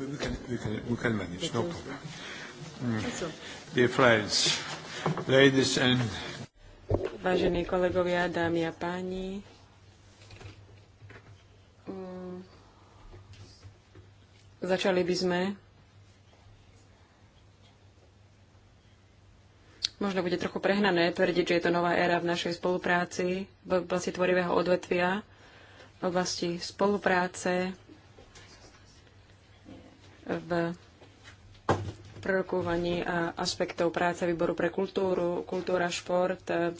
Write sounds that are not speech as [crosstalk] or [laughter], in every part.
we can, we can, we can manage, no problem. Mm. Dear friends, ladies and... Vážení kolegovia, dámy a páni, mm, začali by sme. Možno bude trochu prehnané tvrdiť, že je to nová éra v našej spolupráci v oblasti tvorivého odvetvia, v oblasti spolupráce v prorokovaní aspektov práce výboru pre kultúru, kultúra, šport, e,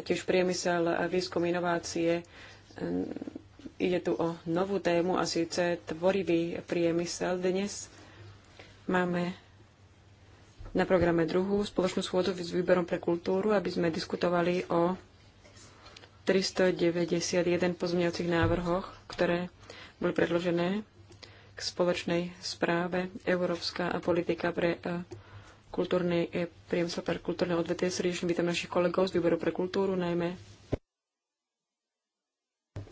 tiež priemysel, výskum, inovácie. E, ide tu o novú tému a síce tvorivý priemysel dnes. Máme na programe druhú spoločnú schôdzu s výberom pre kultúru, aby sme diskutovali o 391 pozmeňovacích návrhoch, ktoré boli predložené k spoločnej správe Európska a politika pre e, kultúrny e, priemysel pre kultúrne odvetie. Srdečne vítam našich kolegov z výboru pre kultúru, najmä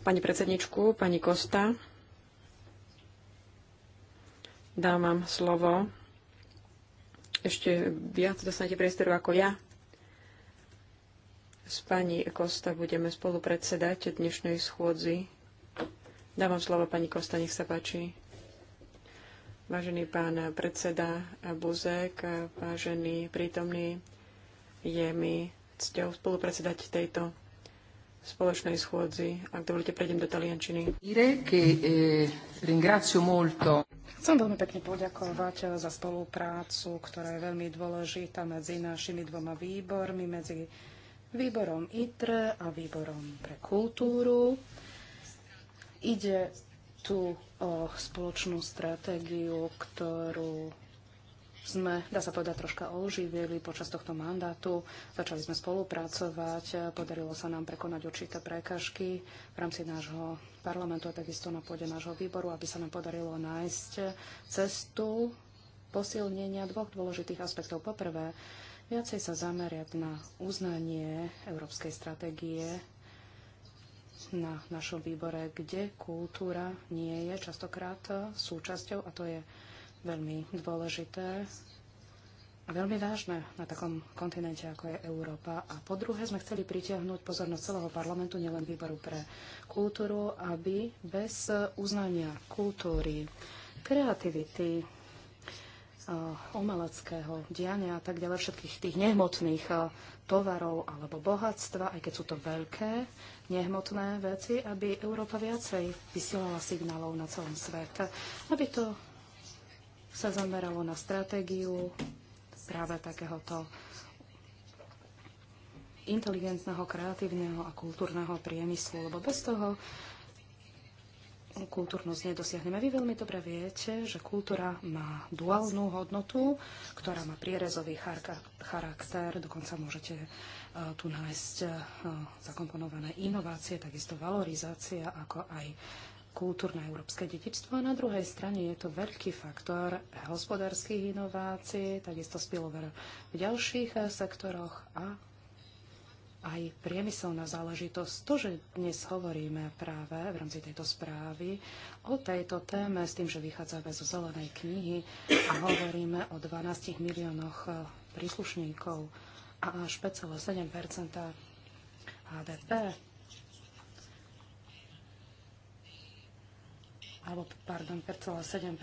pani predsedničku, pani Kosta. Dám vám slovo. Ešte viac dostanete priestoru ako ja. S pani Kosta budeme spolupredsedať dnešnej schôdzi. Dávam slovo pani Kosta, nech sa páči. Vážený pán predseda Buzek, vážený prítomný, je mi cťou spolupredsedať tejto spoločnej schôdzi. Ak dovolíte, prejdem do taliančiny. Eh, Chcem veľmi pekne poďakovať eh, za spoluprácu, ktorá je veľmi dôležitá medzi našimi dvoma výbormi, medzi výborom ITRE a výborom pre kultúru. Ide tú o spoločnú stratégiu, ktorú sme, dá sa povedať, troška oživili počas tohto mandátu. Začali sme spolupracovať, e, podarilo sa nám prekonať určité prekažky v rámci nášho parlamentu a takisto na pôde nášho výboru, aby sa nám podarilo nájsť cestu posilnenia dvoch dôležitých aspektov. Poprvé, viacej sa zameriať na uznanie európskej stratégie na našom výbore, kde kultúra nie je častokrát eh, súčasťou a to je veľmi dôležité a veľmi vážne na takom kontinente, ako je Európa. A po druhé sme chceli pritiahnuť pozornosť celého parlamentu, nielen výboru pre kultúru, aby bez uznania kultúry, kreativity, omeleckého eh, diania a tak ďalej, všetkých tých nehmotných eh, tovarov alebo bohatstva, aj keď sú to veľké nehmotné veci, aby Európa viacej vysielala signálov na celom svete, aby to sa zameralo na stratégiu práve takéhoto inteligentného, kreatívneho a kultúrneho priemyslu, lebo bez toho kultúrnosť nedosiahneme. Vy veľmi dobre viete, že kultúra má duálnu hodnotu, ktorá má prierezový charakter, dokonca môžete e, tu nájsť e, zakomponované inovácie, takisto valorizácia, ako aj kultúrne európske dedičstvo a na druhej strane je to veľký faktor hospodárskych inovácií, takisto spillover v ďalších e, sektoroch a aj priemyselná záležitosť. To, že dnes hovoríme práve v rámci tejto správy o tejto téme s tým, že vychádzame zo zelenej knihy a hovoríme o 12 miliónoch eh, príslušníkov a až 5,7 HDP alebo pardon, 5,7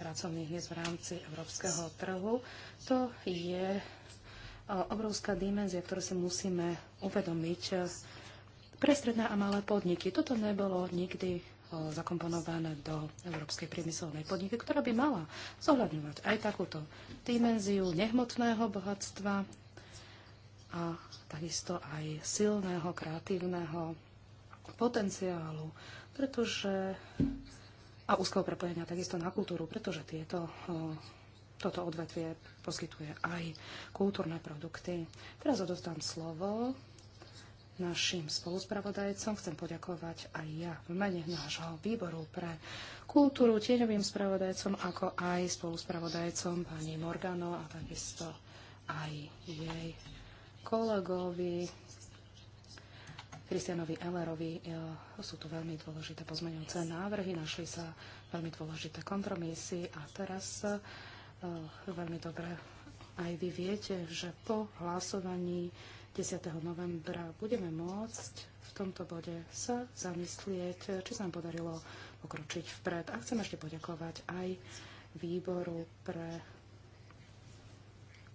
pracovných miest v rámci európskeho trhu. To je obrovská dimenzia, ktorú si musíme uvedomiť e, pre stredné a malé podniky. Toto nebolo nikdy e, zakomponované do európskej priemyselnej podniky, ktorá by mala zohľadňovať aj takúto dimenziu nehmotného bohatstva a takisto aj silného kreatívneho potenciálu, pretože a úzkého prepojenia takisto na kultúru, pretože tieto e, toto odvetvie poskytuje aj kultúrne produkty. Teraz odostám slovo našim spoluspravodajcom. Chcem poďakovať aj ja v mene nášho výboru pre kultúru, tieňovým spravodajcom, ako aj spoluspravodajcom pani Morgano a takisto aj jej kolegovi Kristianovi Ellerovi. E, sú to veľmi dôležité pozmeňujúce návrhy, našli sa veľmi dôležité kompromisy a teraz Eh, veľmi dobre aj vy viete, že po hlasovaní 10. novembra budeme môcť v tomto bode sa zamyslieť, či sa nám podarilo pokročiť vpred. A chcem ešte poďakovať aj výboru pre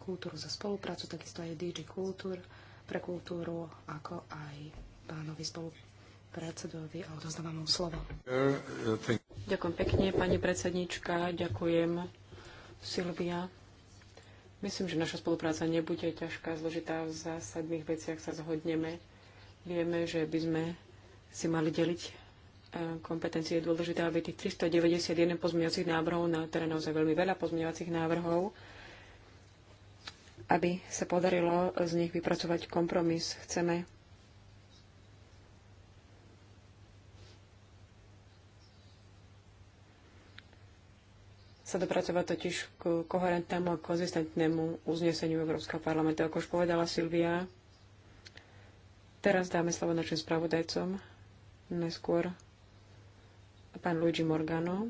kultúru za spoluprácu, takisto aj DG Kultúr pre kultúru, ako aj pánovi spolupredsedovi a odozdávam mu slovo. Uh, uh, ďakujem pekne, pani predsednička, ďakujem Silvia. Myslím, že naša spolupráca nebude ťažká, zložitá. V zásadných veciach sa zhodneme. Vieme, že by sme si mali deliť e, kompetencie. Je dôležité, aby tých 391 pozmeňovacích návrhov, na teda naozaj veľmi veľa pozmeňovacích návrhov, aby sa podarilo z nich vypracovať kompromis. Chceme sa dopracovať totiž k koherentnému a konzistentnému uzneseniu Európskeho parlamentu. Ako už povedala Silvia, teraz dáme slovo našim spravodajcom. Neskôr pán Luigi Morgano,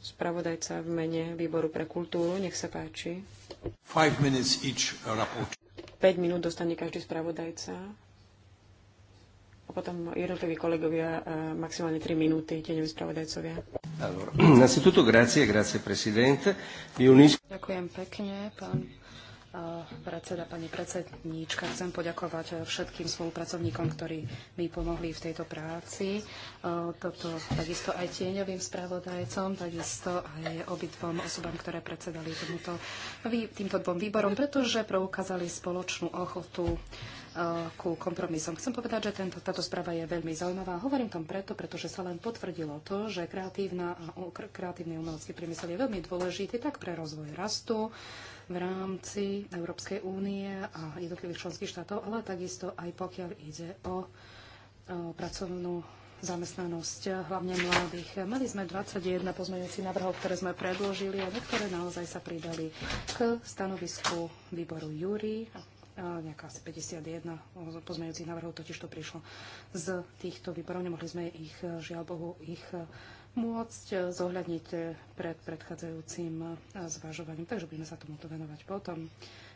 spravodajca v mene Výboru pre kultúru. Nech sa páči. 5 uh, minút dostane každý spravodajca a potom jednotliví kolegovia uh, maximálne 3 minúty, tieňoví spravodajcovia. Allora, [clears throat] innanzitutto grazie, grazie Presidente. Mi unisco... Ďakujem pekne, pán eh, predseda, pani predsedníčka. Chcem poďakovať eh, všetkým spolupracovníkom, ktorí mi pomohli v tejto práci. Eh, toto takisto aj tieňovým spravodajcom, takisto aj obidvom osobám, ktoré predsedali tomuto, týmto dvom výborom, pretože preukázali spoločnú ochotu Eh, ku kompromisom. Chcem povedať, že tento, táto správa je veľmi zaujímavá. Hovorím tom preto, pretože sa len potvrdilo to, že kreatívna, a kreatívny umelecký priemysel je veľmi dôležitý tak pre rozvoj rastu v rámci Európskej únie a jednotlivých členských štátov, ale takisto aj pokiaľ ide o, o eh, pracovnú zamestnanosť, eh, hlavne mladých. Mali sme 21 pozmeňujúcich návrhov, ktoré sme predložili a niektoré naozaj sa pridali k stanovisku výboru Júri nejaká asi 51 pozmeňujúcich návrhov totiž to prišlo z týchto výborov. Nemohli sme ich, eh, žiaľ Bohu, ich eh, môcť eh, zohľadniť pred predchádzajúcim zvažovaním, takže budeme sa tomuto venovať potom.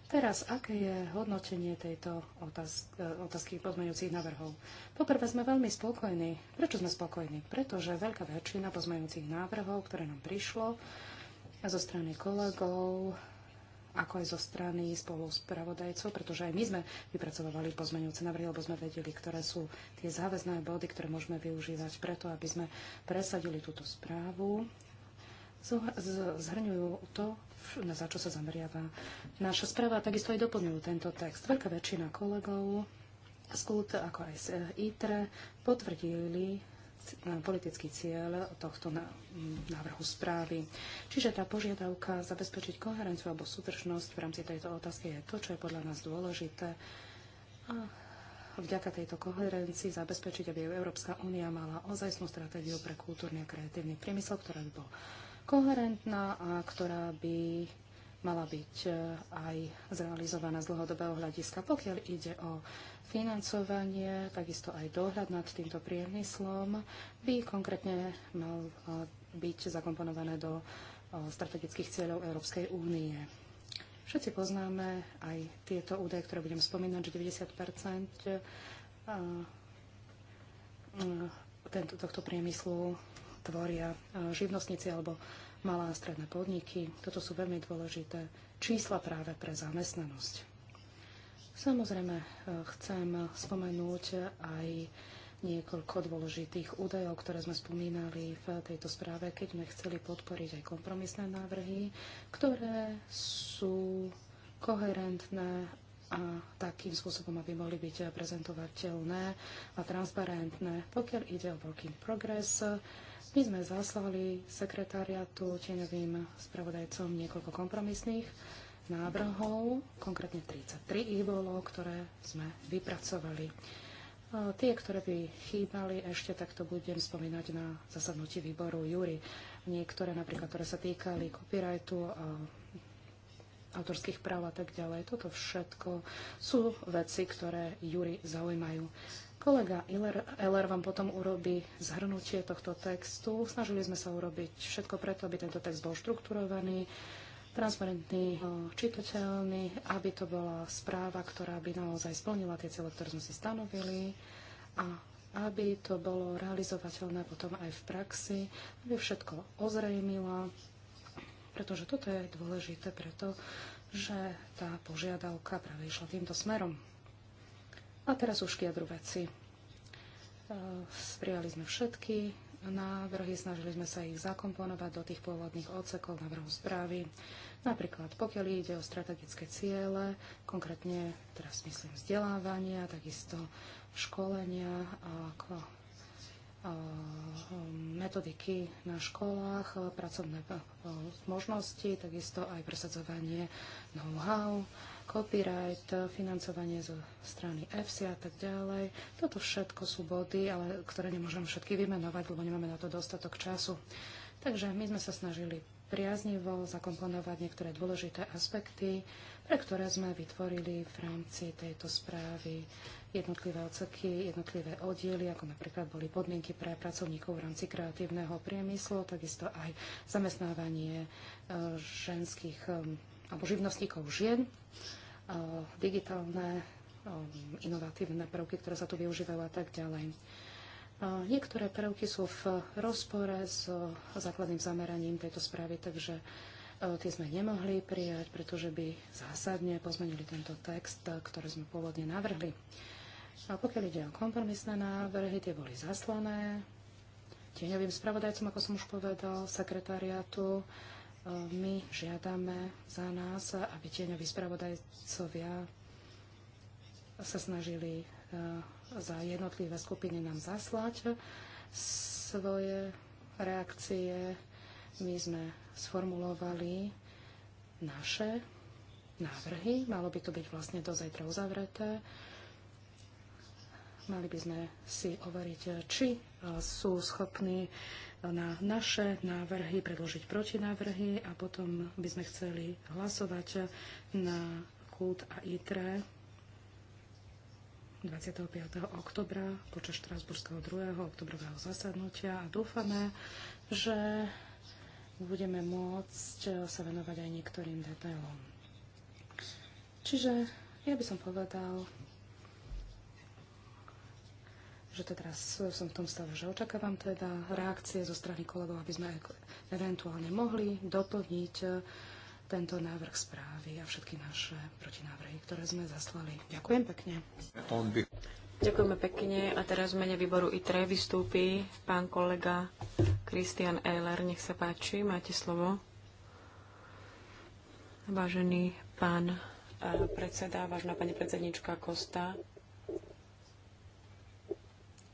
Teraz, aké je hodnotenie tejto otázky, otázky pozmeňujúcich návrhov? Poprvé sme veľmi spokojní. Prečo sme spokojní? Pretože veľká väčšina pozmeňujúcich návrhov, ktoré nám prišlo zo strany kolegov, ako aj zo strany spolu spravodajcov, pretože aj my sme vypracovali pozmeňujúce návrhy, lebo sme vedeli, ktoré sú tie záväzné body, ktoré môžeme využívať preto, aby sme presadili túto správu. Zhrňujú to, na za čo sa zameriava naša správa, takisto aj doplňujú tento text. Veľká väčšina kolegov z ako aj z e, ITRE, potvrdili politický cieľ tohto návrhu správy. Čiže tá požiadavka zabezpečiť koherenciu alebo súdržnosť v rámci tejto otázky je to, čo je podľa nás dôležité. A vďaka tejto koherencii zabezpečiť, aby Európska únia mala ozajstnú stratégiu pre kultúrny a kreatívny priemysel, ktorá by bola koherentná a ktorá by mala byť eh, aj zrealizovaná z dlhodobého hľadiska. Pokiaľ ide o financovanie, takisto aj dohľad nad týmto priemyslom by konkrétne mal byť zakomponované do strategických cieľov Európskej únie. Všetci poznáme aj tieto údaje, ktoré budem spomínať, že 90 tento, tohto priemyslu tvoria živnostníci alebo malé a stredné podniky. Toto sú veľmi dôležité čísla práve pre zamestnanosť. Samozrejme, eh, chcem spomenúť aj niekoľko dôležitých údajov, ktoré sme spomínali v tejto správe, keď sme chceli podporiť aj kompromisné návrhy, ktoré sú koherentné a takým spôsobom, aby mohli byť prezentovateľné a transparentné. Pokiaľ ide o Working Progress, my sme zaslali sekretariatu tieňovým spravodajcom niekoľko kompromisných návrhov, konkrétne 33 ich bolo, ktoré sme vypracovali. Tie, ktoré by chýbali ešte, tak to budem spomínať na zasadnutí výboru Júry. Niektoré napríklad, ktoré sa týkali copyrightu, autorských práv a tak ďalej. Toto všetko sú veci, ktoré Júry zaujímajú. Kolega Eller, Eller vám potom urobí zhrnutie tohto textu. Snažili sme sa urobiť všetko preto, aby tento text bol štrukturovaný, transparentný, čitateľný, aby to bola správa, ktorá by naozaj splnila tie cieľe, ktoré sme si stanovili a aby to bolo realizovateľné potom aj v praxi, aby všetko ozrejmila, pretože toto je dôležité preto, že tá požiadavka práve išla týmto smerom. A teraz už k jadru veci. E, sprijali sme všetky návrhy, snažili sme sa ich zakomponovať do tých pôvodných odsekov návrhu správy. Napríklad, pokiaľ ide o strategické ciele, konkrétne teraz myslím vzdelávania, takisto školenia, ako metodiky na školách, pracovné možnosti, takisto aj presadzovanie know-how, copyright, financovanie zo strany EFSI a tak ďalej. Toto všetko sú body, ale ktoré nemôžem všetky vymenovať, lebo nemáme na to dostatok času. Takže my sme sa snažili priaznivo zakomponovať niektoré dôležité aspekty, pre ktoré sme vytvorili v rámci tejto správy jednotlivé odseky, jednotlivé oddiely, ako napríklad boli podmienky pre pracovníkov v rámci kreatívneho priemyslu, takisto aj zamestnávanie e, ženských e, alebo živnostníkov žien, e, digitálne inovatívne prvky, ktoré sa tu využívajú a tak ďalej. Niektoré prvky sú v rozpore s základným zameraním tejto správy, takže e, tie sme nemohli prijať, pretože by zásadne pozmenili tento text, e, ktorý sme pôvodne navrhli. A pokiaľ ide o kompromisné návrhy, tie boli zaslané tieňovým spravodajcom, ako som už povedal, sekretariátu. E, my žiadame za nás, aby tieňoví spravodajcovia sa snažili za jednotlivé skupiny nám zaslať svoje reakcie. My sme sformulovali naše návrhy. Malo by to byť vlastne do zajtra uzavreté. Mali by sme si overiť, či sú schopní na naše návrhy predložiť protinávrhy a potom by sme chceli hlasovať na kult a ITRE 25. oktobra počas Štrásburského 2. oktobrového zasadnutia a dúfame, že budeme môcť sa venovať aj niektorým detailom. Čiže ja by som povedal, že to teraz som v tom stave, že očakávam teda reakcie zo strany kolegov, aby sme eventuálne mohli doplniť tento návrh správy a všetky naše protinávrhy, ktoré sme zaslali. Ďakujem pekne. Ďakujeme pekne a teraz v mene výboru ITRE vystúpi pán kolega Kristian Eiler. Nech sa páči, máte slovo. Vážený pán eh, predseda, vážená pani predsednička Kosta,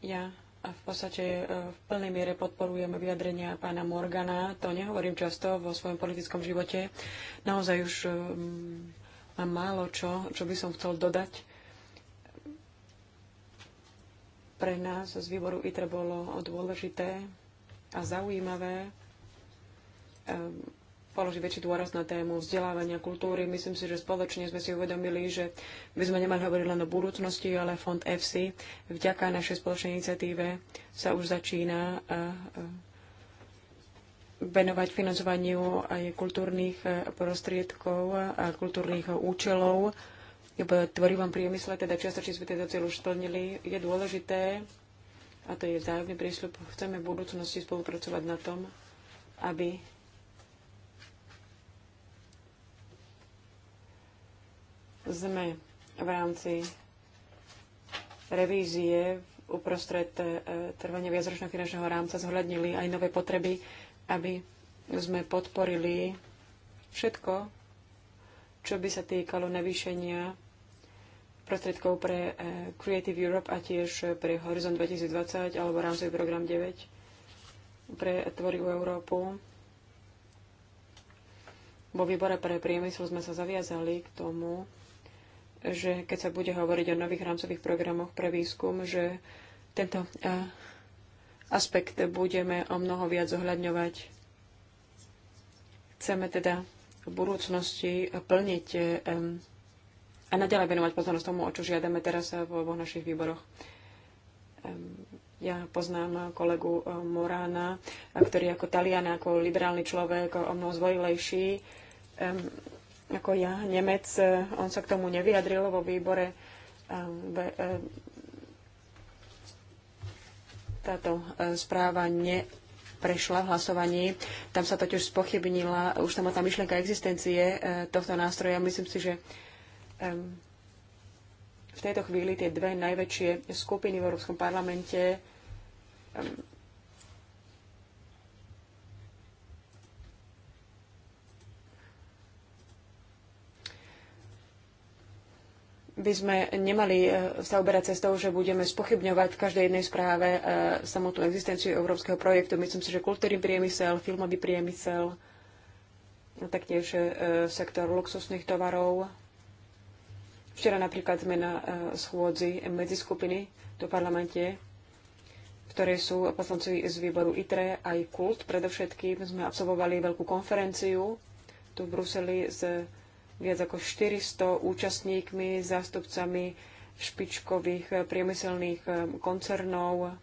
ja a v podstate e, v plnej miere podporujem vyjadrenia pána Morgana. To nehovorím často vo svojom politickom živote. Naozaj už e, mám málo čo, čo by som chcel dodať. Pre nás z výboru ITRE bolo dôležité a zaujímavé e, položí väčší dôraz na tému vzdelávania kultúry. Myslím si, že spoločne sme si uvedomili, že by sme nemali hovoriť len o budúcnosti, ale fond EFSI vďaka našej spoločnej iniciatíve sa už začína venovať financovaniu aj kultúrnych prostriedkov a kultúrnych účelov v tvorivom priemysle, teda čiastočne sme tento cieľ už splnili. Je dôležité, a to je vzájomný prísľub, chceme v budúcnosti spolupracovať na tom, aby sme v rámci revízie uprostred e, trvania viacročného finančného rámca zohľadnili aj nové potreby, aby sme podporili všetko, čo by sa týkalo navýšenia prostriedkov pre e, Creative Europe a tiež pre Horizon 2020 alebo rámcový program 9 pre Tvorivú Európu. Vo výbore pre priemysel sme sa zaviazali k tomu, že keď sa bude hovoriť o nových rámcových programoch pre výskum, že tento e, aspekt budeme o mnoho viac zohľadňovať. Chceme teda v budúcnosti plniť e, a naďalej venovať pozornosť tomu, o čo žiadame teraz vo vo našich výboroch. E, ja poznám kolegu Morána, ktorý ako Talian, ako liberálny človek, o mnoho zvojilejší ako ja, Nemec, eh, on sa k tomu nevyjadril vo výbore. Eh, eh, táto správa neprešla v hlasovaní. Tam sa totiž spochybnila už tam tá myšlienka existencie tohto nástroja. Myslím si, že v tejto chvíli tie dve najväčšie skupiny v Európskom parlamente by sme nemali e, sa uberať cestou, že budeme spochybňovať v každej jednej správe e, samotnú existenciu európskeho projektu. Myslím si, že kultúrny priemysel, filmový priemysel, no taktiež e, sektor luxusných tovarov. Včera napríklad sme na schôdzi medziskupiny do parlamente, v ktorej sú poslanci z výboru ITRE aj KULT. Predovšetkým sme absolvovali veľkú konferenciu tu v Bruseli s viac ako 400 účastníkmi, zástupcami špičkových eh, priemyselných eh, koncernov,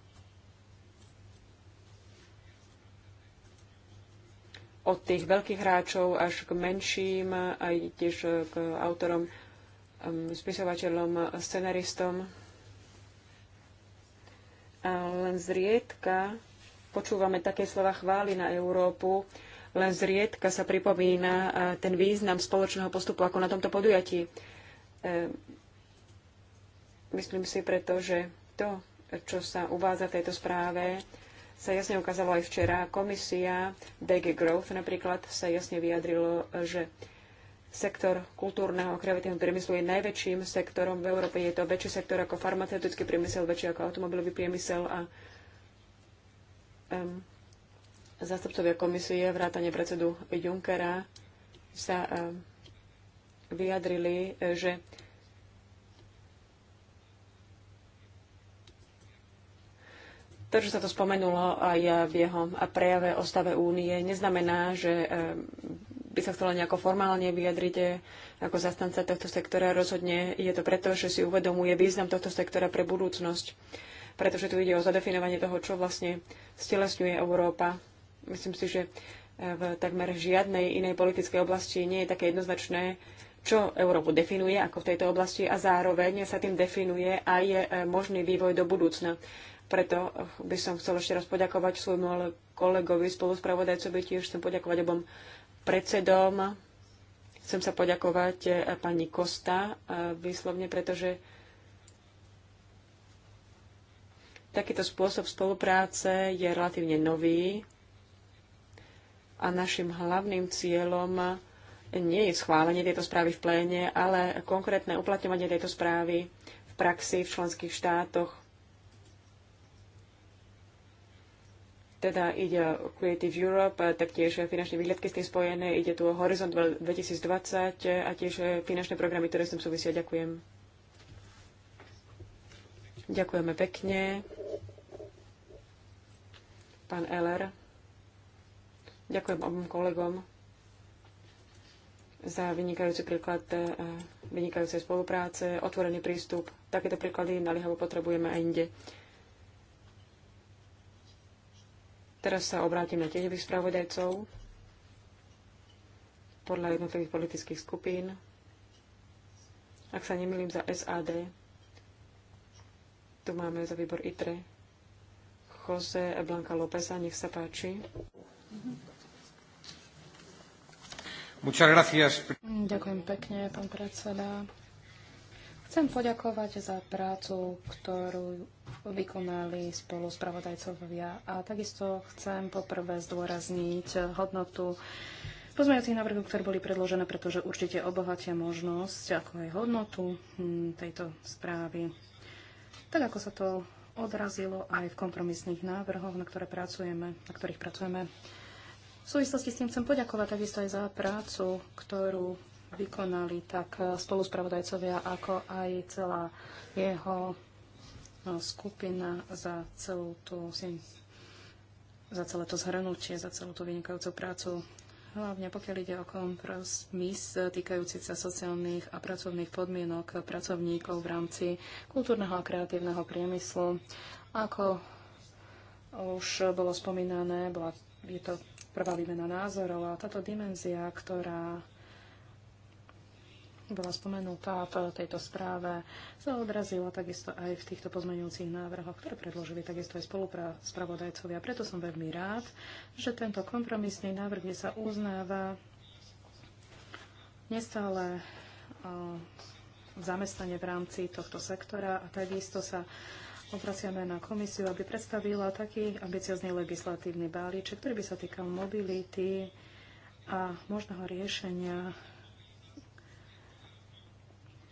od tých veľkých hráčov až k menším, aj tiež eh, k autorom, spisovateľom, scenaristom. A len zriedka počúvame také slova chvály na Európu, len zriedka sa pripomína e, ten význam spoločného postupu ako na tomto podujatí. E, myslím si preto, že to, čo sa uvádza v tejto správe, sa jasne ukázalo aj včera. Komisia DG Growth napríklad sa jasne vyjadrilo, že sektor kultúrneho a kreatívneho priemyslu je najväčším sektorom v Európe. Je to väčší sektor ako farmaceutický priemysel, väčší ako automobilový priemysel a um, Zástupcovia komisie vrátane predsedu Junckera sa eh, vyjadrili, eh, že to, že sa to spomenulo aj v jeho prejave o stave únie, neznamená, že eh, by sa chcela nejako formálne vyjadriť ako zastanca tohto sektora. Rozhodne je to preto, že si uvedomuje význam tohto sektora pre budúcnosť, pretože tu ide o zadefinovanie toho, čo vlastne stelesňuje Európa Myslím si, že e, v takmer žiadnej inej politickej oblasti nie je také jednoznačné, čo Európu definuje ako v tejto oblasti a zároveň sa tým definuje aj e, možný vývoj do budúcna. Preto e, by som chcel ešte raz poďakovať svojmu kolegovi, spoluspravodajcovi, tiež chcem poďakovať obom predsedom. Chcem sa poďakovať pani Kosta výslovne, pretože takýto spôsob spolupráce je relatívne nový a našim hlavným cieľom nie je schválenie tejto správy v pléne, ale konkrétne uplatňovanie tejto správy v praxi v členských štátoch. Teda ide o Creative Europe, taktiež finančné výhľadky s tým spojené, ide tu o Horizont 2020 a tiež finančné programy, ktoré s tým súvisia. Ďakujem. Ďakujeme pekne. Pán Eller. Ďakujem obom kolegom za vynikajúci príklad e, vynikajúcej spolupráce, otvorený prístup. Takéto príklady naliehavo potrebujeme aj inde. Teraz sa obrátim na tieňových spravodajcov podľa jednotlivých politických skupín. Ak sa nemýlim za SAD, tu máme za výbor ITRE Jose Blanca Lópeza, nech sa páči. Ďakujem pekne, pán predseda. Chcem poďakovať za prácu, ktorú vykonali spolu spravodajcovia a takisto chcem poprvé zdôrazniť hodnotu pozmeňovacích návrhov, ktoré boli predložené, pretože určite obohatia možnosť, ako aj hodnotu hm, tejto správy. Tak ako sa to odrazilo aj v kompromisných návrhoch, na, ktoré pracujeme, na ktorých pracujeme. V súvislosti s tým chcem poďakovať takisto aj za prácu, ktorú vykonali tak spoluspravodajcovia, ako aj celá jeho no, skupina za celú tú za celé to zhrnutie, za celú tú vynikajúcu prácu. Hlavne pokiaľ ide o kompromis týkajúci sa sociálnych a pracovných podmienok pracovníkov v rámci kultúrneho a kreatívneho priemyslu. Ako už bolo spomínané, bola je to prvá výmena názorov a táto dimenzia, ktorá bola spomenutá v tejto správe, sa odrazila takisto aj v týchto pozmeňujúcich návrhoch, ktoré predložili takisto aj spolupravodajcovia. Preto som veľmi rád, že tento kompromisný návrh, kde sa uznáva nestále eh, zamestnanie v rámci tohto sektora a takisto sa obraciame na komisiu, aby predstavila taký ambiciozný legislatívny balíček, ktorý by sa týkal mobility a možného riešenia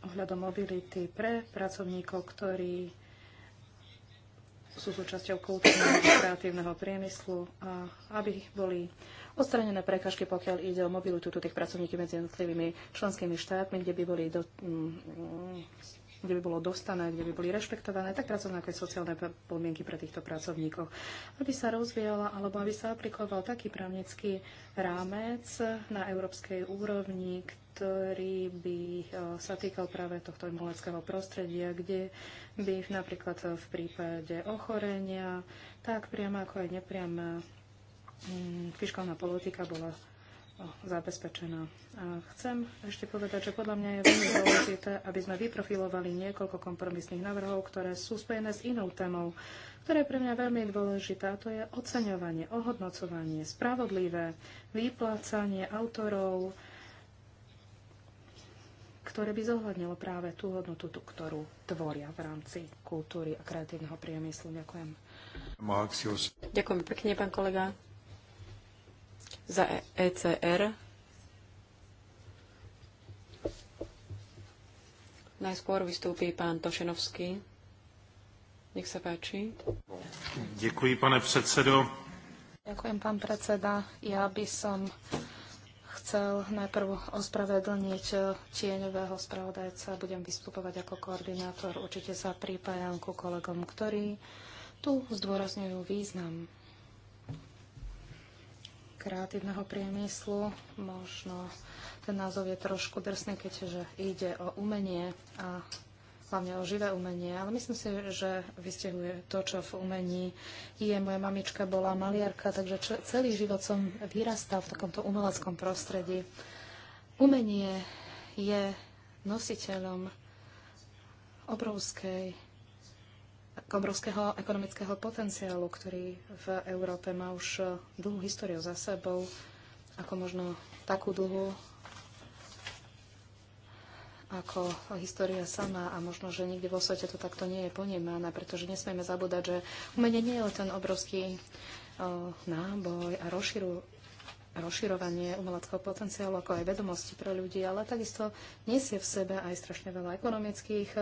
ohľadom mobility pre pracovníkov, ktorí sú súčasťou kultúrneho kreatívneho priemyslu a aby boli odstranené prekažky, pokiaľ ide o mobilitu tých pracovníkov medzi jednotlivými členskými štátmi, kde by boli do, mm, kde by bolo dostané, kde by boli rešpektované tak pracovné ako aj sociálne podmienky pre týchto pracovníkov, aby sa rozvíjala alebo aby sa aplikoval taký právnický rámec na európskej úrovni, ktorý by eh, sa týkal práve tohto umeleckého prostredia, kde by napríklad v prípade ochorenia, tak priama ako aj nepriama mm, fiskálna politika bola zabezpečená. A chcem ešte povedať, že podľa mňa je veľmi dôležité, aby sme vyprofilovali niekoľko kompromisných návrhov, ktoré sú spojené s inou témou, ktorá je pre mňa veľmi dôležitá. To je oceňovanie, ohodnocovanie, spravodlivé vyplácanie autorov, ktoré by zohľadnilo práve tú hodnotu, tú, ktorú tvoria v rámci kultúry a kreatívneho priemyslu. Ďakujem. Ďakujem pekne, pán kolega za ECR. Najskôr vystúpi pán Tošenovský. Nech sa páči. Ďakujem, pane predsedo. Ďakujem, pán predseda. Ja by som chcel najprv ospravedlniť eh, tieňového spravodajca. Budem vystupovať ako koordinátor. Určite sa pripájam ku kolegom, ktorí tu zdôrazňujú význam kreatívneho priemyslu. Možno ten názov je trošku drsný, keďže ide o umenie a hlavne o živé umenie, ale myslím si, že vystihuje to, čo v umení je. Moja mamička bola maliarka, takže celý život som vyrastal v takomto umeleckom prostredí. Umenie je nositeľom obrovskej obrovského ekonomického potenciálu, ktorý v Európe má už e, dlhú históriu za sebou, ako možno takú dlhú, ako história sama a možno, že nikdy vo svete to takto nie je ponímané, pretože nesmieme zabúdať, že umenie nie je len ten obrovský o, e, náboj a rozširu, rozširovanie umeleckého potenciálu, ako aj vedomosti pre ľudí, ale takisto nesie v sebe aj strašne veľa ekonomických e,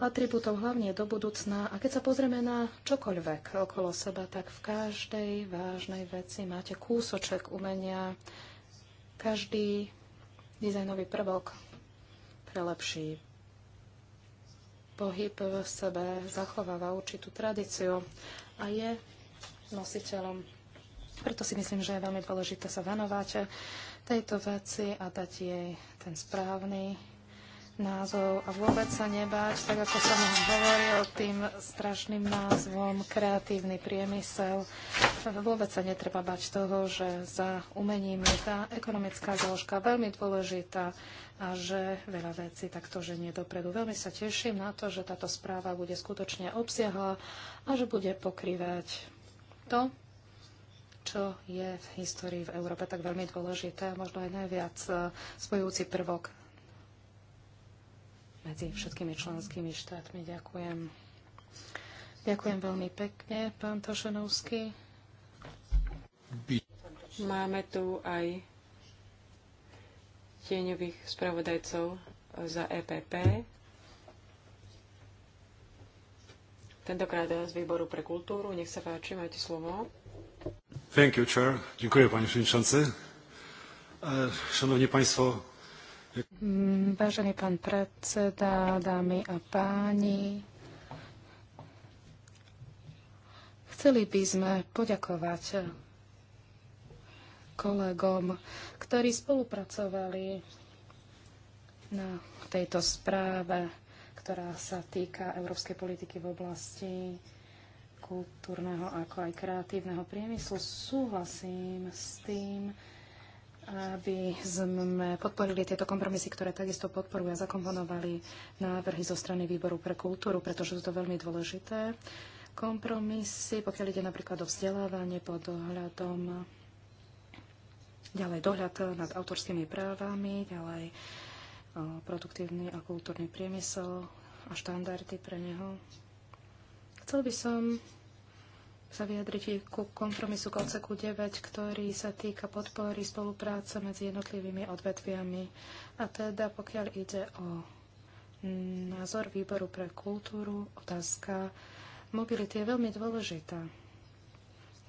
atribútov hlavne do budúcna. A keď sa pozrieme na čokoľvek okolo seba, tak v každej vážnej veci máte kúsoček umenia, každý dizajnový prvok pre lepší pohyb v sebe zachováva určitú tradíciu a je nositeľom. Preto si myslím, že je veľmi dôležité sa venovať tejto veci a dať jej ten správny názov a vôbec sa nebáť, tak ako som hovoril tým strašným názvom kreatívny priemysel. Vôbec sa netreba bať toho, že za umením je tá ekonomická zložka veľmi dôležitá a že veľa vecí takto ženie dopredu. Veľmi sa teším na to, že táto správa bude skutočne obsiahla a že bude pokrývať to, čo je v histórii v Európe tak veľmi dôležité a možno aj najviac spojujúci prvok medzi všetkými členskými štátmi. Ďakujem. Ďakujem veľmi pekne, pán Tošenovský. Máme tu aj tieňových spravodajcov za EPP. Tentokrát z výboru pre kultúru. Nech sa páči, máte slovo. Thank you, Chair. Dziękuję, panie przewodniczący. E, szanowni państwo, Mm, vážený pán predseda, dámy a páni, chceli by sme poďakovať kolegom, ktorí spolupracovali na tejto správe, ktorá sa týka európskej politiky v oblasti kultúrneho ako aj kreatívneho priemyslu. Súhlasím s tým, aby sme podporili tieto kompromisy, ktoré takisto podporujú a zakomponovali návrhy zo strany výboru pre kultúru, pretože sú to veľmi dôležité kompromisy, pokiaľ ide napríklad o vzdelávanie pod dohľadom, ďalej dohľad nad autorskými právami, ďalej produktívny a kultúrny priemysel a štandardy pre neho. Chcel by som sa vyjadriť ku kompromisu k odseku 9, ktorý sa týka podpory spolupráce medzi jednotlivými odvetviami. A teda pokiaľ ide o názor výboru pre kultúru, otázka mobility je veľmi dôležitá.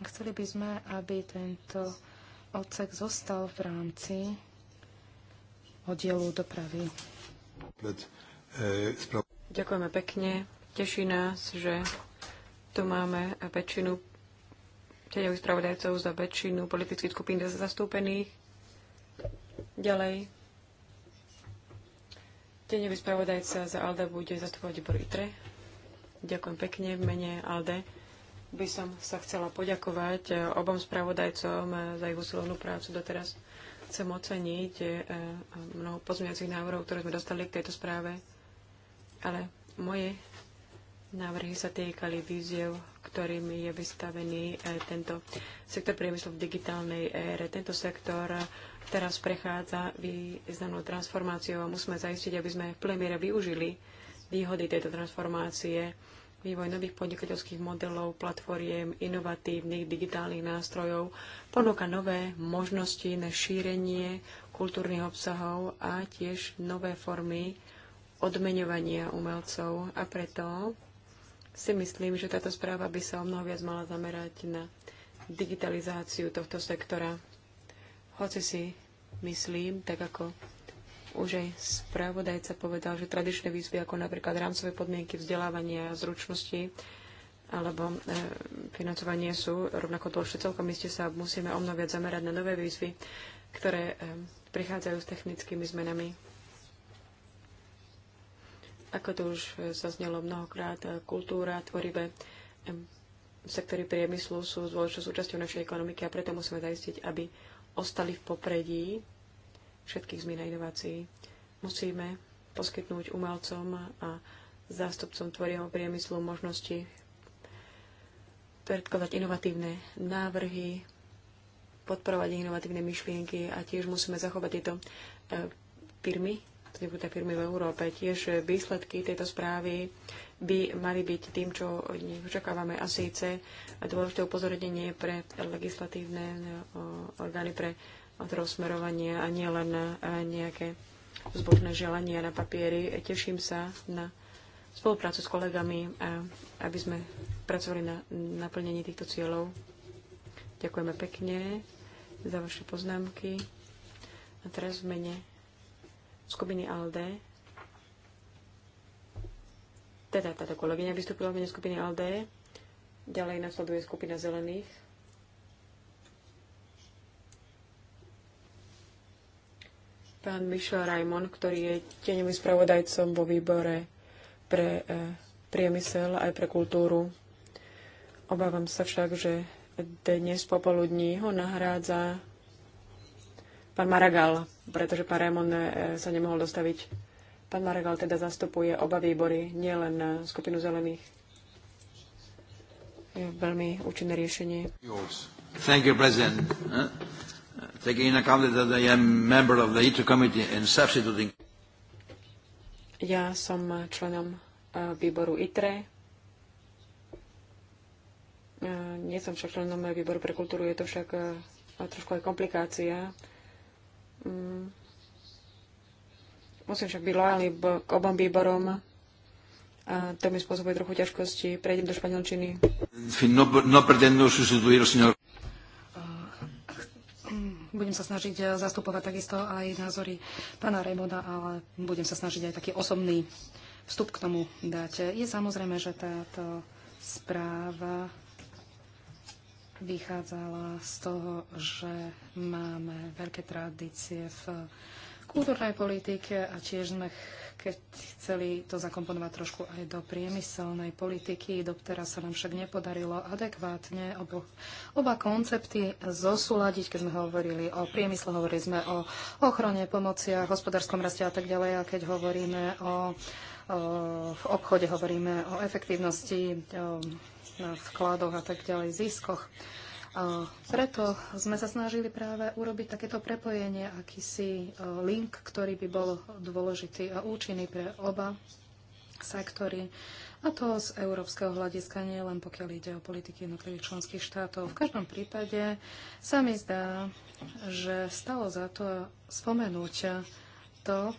Chceli by sme, aby tento odsek zostal v rámci oddielu dopravy. E, Ďakujeme pekne. Teší nás, že tu máme väčšinu tieňových spravodajcov za väčšinu politických skupín zastúpených. Ďalej. Tieňový spravodajca za ALDE bude zastupovať Bor ITRE. Ďakujem pekne v mene ALDE. By som sa chcela poďakovať eh, obom spravodajcom za ich usilovnú prácu doteraz. Chcem oceniť eh, mnoho pozmeňacích návrhov, ktoré sme dostali k tejto správe, ale moje Návrhy sa týkali víziev, ktorým je vystavený eh, tento sektor priemyslu v digitálnej ére. Tento sektor eh, teraz prechádza významnou transformáciou a musíme zaistiť, aby sme v plnej miere využili výhody tejto transformácie, vývoj nových podnikateľských modelov, platformiem, inovatívnych digitálnych nástrojov, ponúka nové možnosti na šírenie kultúrnych obsahov a tiež nové formy odmeňovania umelcov. A preto si myslím, že táto správa by sa o mnoho viac mala zamerať na digitalizáciu tohto sektora. Hoci si myslím, tak ako už aj správodajca povedal, že tradičné výzvy ako napríklad rámcové podmienky vzdelávania a zručnosti alebo e, financovanie sú rovnako dôležité. Celkom iste sa musíme o mnoho viac zamerať na nové výzvy, ktoré e, prichádzajú s technickými zmenami. Ako to už zaznelo mnohokrát, kultúra, tvorivé sektory priemyslu sú dôležitou súčasťou našej ekonomiky a preto musíme zaistiť, aby ostali v popredí všetkých zmien a inovácií. Musíme poskytnúť umelcom a zástupcom tvorivého priemyslu možnosti predkladať inovatívne návrhy, podporovať inovatívne myšlienky a tiež musíme zachovať tieto e, firmy vzniknuté firmy v Európe. Tiež výsledky tejto správy by mali byť tým, čo očakávame a síce dôležité upozornenie pre legislatívne e, orgány pre rozsmerovanie a nielen e, nejaké zbožné želania na papiery. Teším sa na spoluprácu s kolegami, e, aby sme pracovali na naplnení týchto cieľov. Ďakujeme pekne za vaše poznámky. A teraz v mene skupiny Ald. Teda táto kolegyňa vystúpila v mene skupiny ALDE. Ďalej nasleduje skupina zelených. Pán Michel Raimon, ktorý je tieňovým spravodajcom vo výbore pre e, priemysel aj pre kultúru. Obávam sa však, že dnes popoludní ho nahrádza pán Maragal, pretože pán Rémon eh, sa nemohol dostaviť. Pán Maragal teda zastupuje oba výbory, nielen eh, skupinu zelených. Je veľmi účinné riešenie. Thank you, President. Eh, taking in account that I am member of the ITU committee and substituting. Ja som členom výboru ITRE. Nie som však členom výboru pre kultúru, je to však trošku aj komplikácia Mm. Musím však byť lojálny k obom výborom a to mi spôsobuje trochu ťažkosti. Prejdem do španielčiny. No, no eh, budem sa snažiť eh, zastupovať takisto aj názory pána Reboda, ale budem sa snažiť aj taký osobný vstup k tomu dať. Je samozrejme, že táto správa vychádzala z toho, že máme veľké tradície v kultúrnej politike a tiež sme keď chceli to zakomponovať trošku aj do priemyselnej politiky. Doteraz sa nám však nepodarilo adekvátne obo, oba koncepty zosúľadiť, keď sme hovorili o priemysle, hovorili sme o ochrone, a hospodárskom raste a tak ďalej. A keď hovoríme o, o v obchode, hovoríme o efektívnosti o, na vkladoch a tak ďalej, ziskoch. preto sme sa snažili práve urobiť takéto prepojenie, akýsi e, link, ktorý by bol dôležitý a účinný pre oba sektory. A to z európskeho hľadiska nie len pokiaľ ide o politiky jednotlivých členských štátov. V každom prípade sa mi zdá, že stalo za to spomenúť to,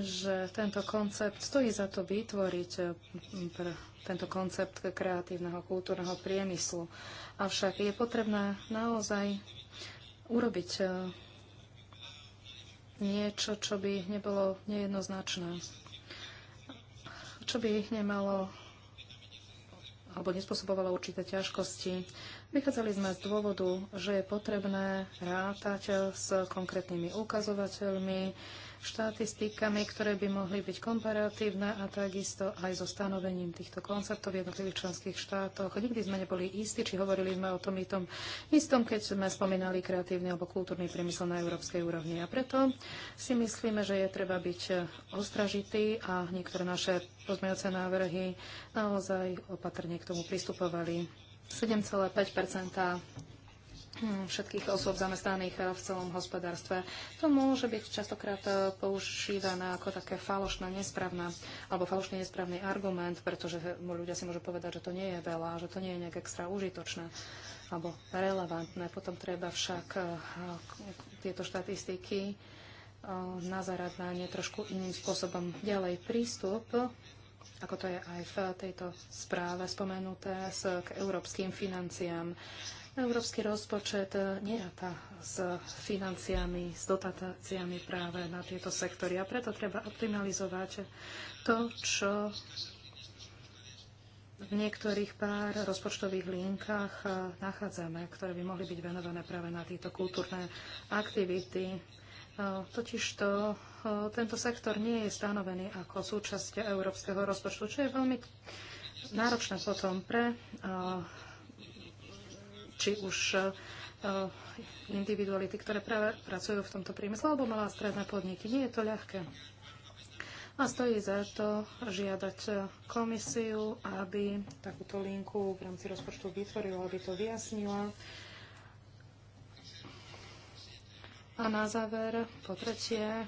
že tento koncept stojí za to vytvoriť eh, tento koncept kreatívneho kultúrneho priemyslu. Avšak je potrebné naozaj urobiť eh, niečo, čo by nebolo nejednoznačné, čo by nemalo alebo nespôsobovalo určité ťažkosti. Vychádzali sme z dôvodu, že je potrebné rátať eh, s konkrétnymi ukazovateľmi, štatistikami, ktoré by mohli byť komparatívne a takisto aj so stanovením týchto konceptov v jednotlivých členských štátoch. Nikdy sme neboli istí, či hovorili sme o tom istom, istom keď sme spomínali kreatívny alebo kultúrny priemysel na európskej úrovni. A preto si myslíme, že je treba byť ostražitý a niektoré naše pozmejúce návrhy naozaj opatrne k tomu pristupovali. 7,5 Hm, všetkých osôb zamestnaných eh, v celom hospodárstve. To môže byť častokrát eh, používané ako také falošná, nesprávne alebo falošný nesprávny argument, pretože eh, ľudia si môžu povedať, že to nie je veľa, že to nie je nejak extra užitočné alebo relevantné. Potom treba však tieto štatistiky nazerať na ne trošku iným spôsobom. Ďalej prístup ako to je aj v tejto správe spomenuté, k európskym financiám. Európsky rozpočet e, neráta s financiami, s dotáciami práve na tieto sektory a preto treba optimalizovať to, čo v niektorých pár rozpočtových linkách e, nachádzame, ktoré by mohli byť venované práve na tieto kultúrne aktivity. E, totiž to tento sektor nie je stanovený ako súčasť európskeho rozpočtu, čo je veľmi náročné potom pre či už eh, individuality, ktoré práve pracujú v tomto priemysle, alebo malá stredné podniky. Nie je to ľahké. A stojí za to žiadať eh, komisiu, aby takúto linku v rámci rozpočtu vytvorila, aby to vyjasnila. A na záver, po tretie,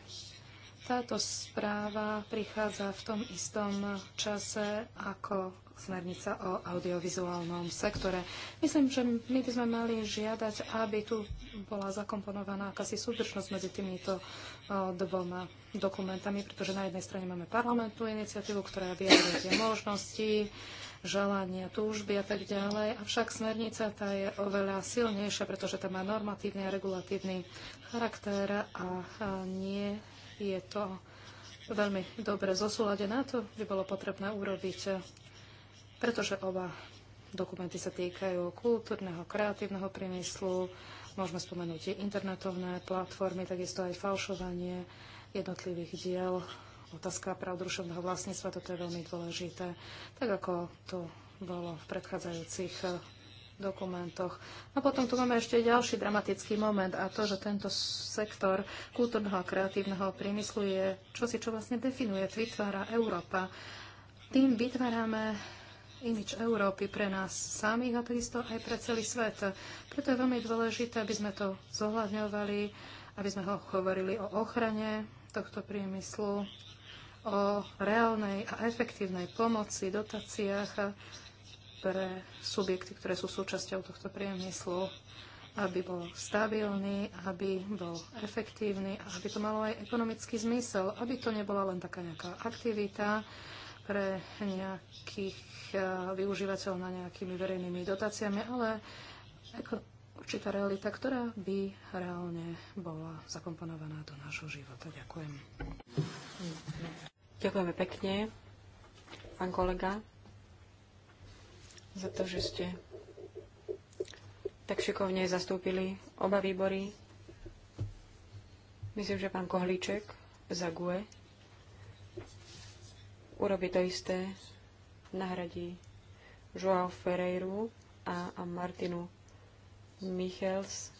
táto správa prichádza v tom istom čase ako smernica o audiovizuálnom sektore. Myslím, že my by sme mali žiadať, aby tu bola zakomponovaná akási súdržnosť medzi týmito dvoma dokumentami, pretože na jednej strane máme parlamentnú iniciatívu, ktorá vyjadruje tie možnosti, želania, túžby a tak ďalej. Avšak smernica tá je oveľa silnejšia, pretože tá má normatívny a regulatívny charakter a nie je to veľmi dobre na To by bolo potrebné urobiť, eh, pretože oba dokumenty sa týkajú kultúrneho, kreatívneho priemyslu, môžeme spomenúť internetovné platformy, takisto aj falšovanie jednotlivých diel, otázka práv duševného vlastníctva, toto je veľmi dôležité, tak ako to bolo v predchádzajúcich eh, dokumentoch. A potom tu máme ešte ďalší dramatický moment a to, že tento sektor kultúrneho a kreatívneho priemyslu je čosi, čo vlastne definuje, vytvára Európa. Tým vytvárame imič Európy pre nás samých a takisto aj pre celý svet. Preto je veľmi dôležité, aby sme to zohľadňovali, aby sme ho hovorili o ochrane tohto priemyslu, o reálnej a efektívnej pomoci, dotáciách pre subjekty, ktoré sú súčasťou tohto priemyslu, aby bol stabilný, aby bol efektívny a aby to malo aj ekonomický zmysel, aby to nebola len taká nejaká aktivita pre nejakých e, využívateľov na nejakými verejnými dotáciami, ale ako určitá realita, ktorá by reálne bola zakomponovaná do nášho života. Ďakujem. Ďakujeme pekne, pán kolega za to, že ste tak šikovne zastúpili oba výbory. Myslím, že pán Kohlíček za GUE urobí to isté, nahradí Joao Ferreiru a, a Martinu Michels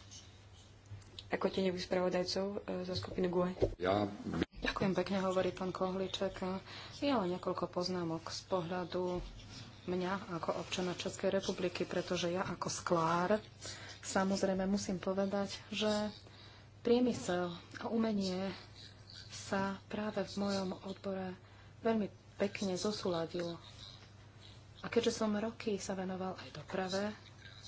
ako tenevých spravodajcov e, zo skupiny GUE. Ja... Ďakujem pekne, hovorí pán Kohliček. Je len niekoľko poznámok z pohľadu mňa ako občana Českej republiky, pretože ja ako sklár samozrejme musím povedať, že priemysel a umenie sa práve v mojom odbore veľmi pekne zosúladil. A keďže som roky sa venoval aj doprave,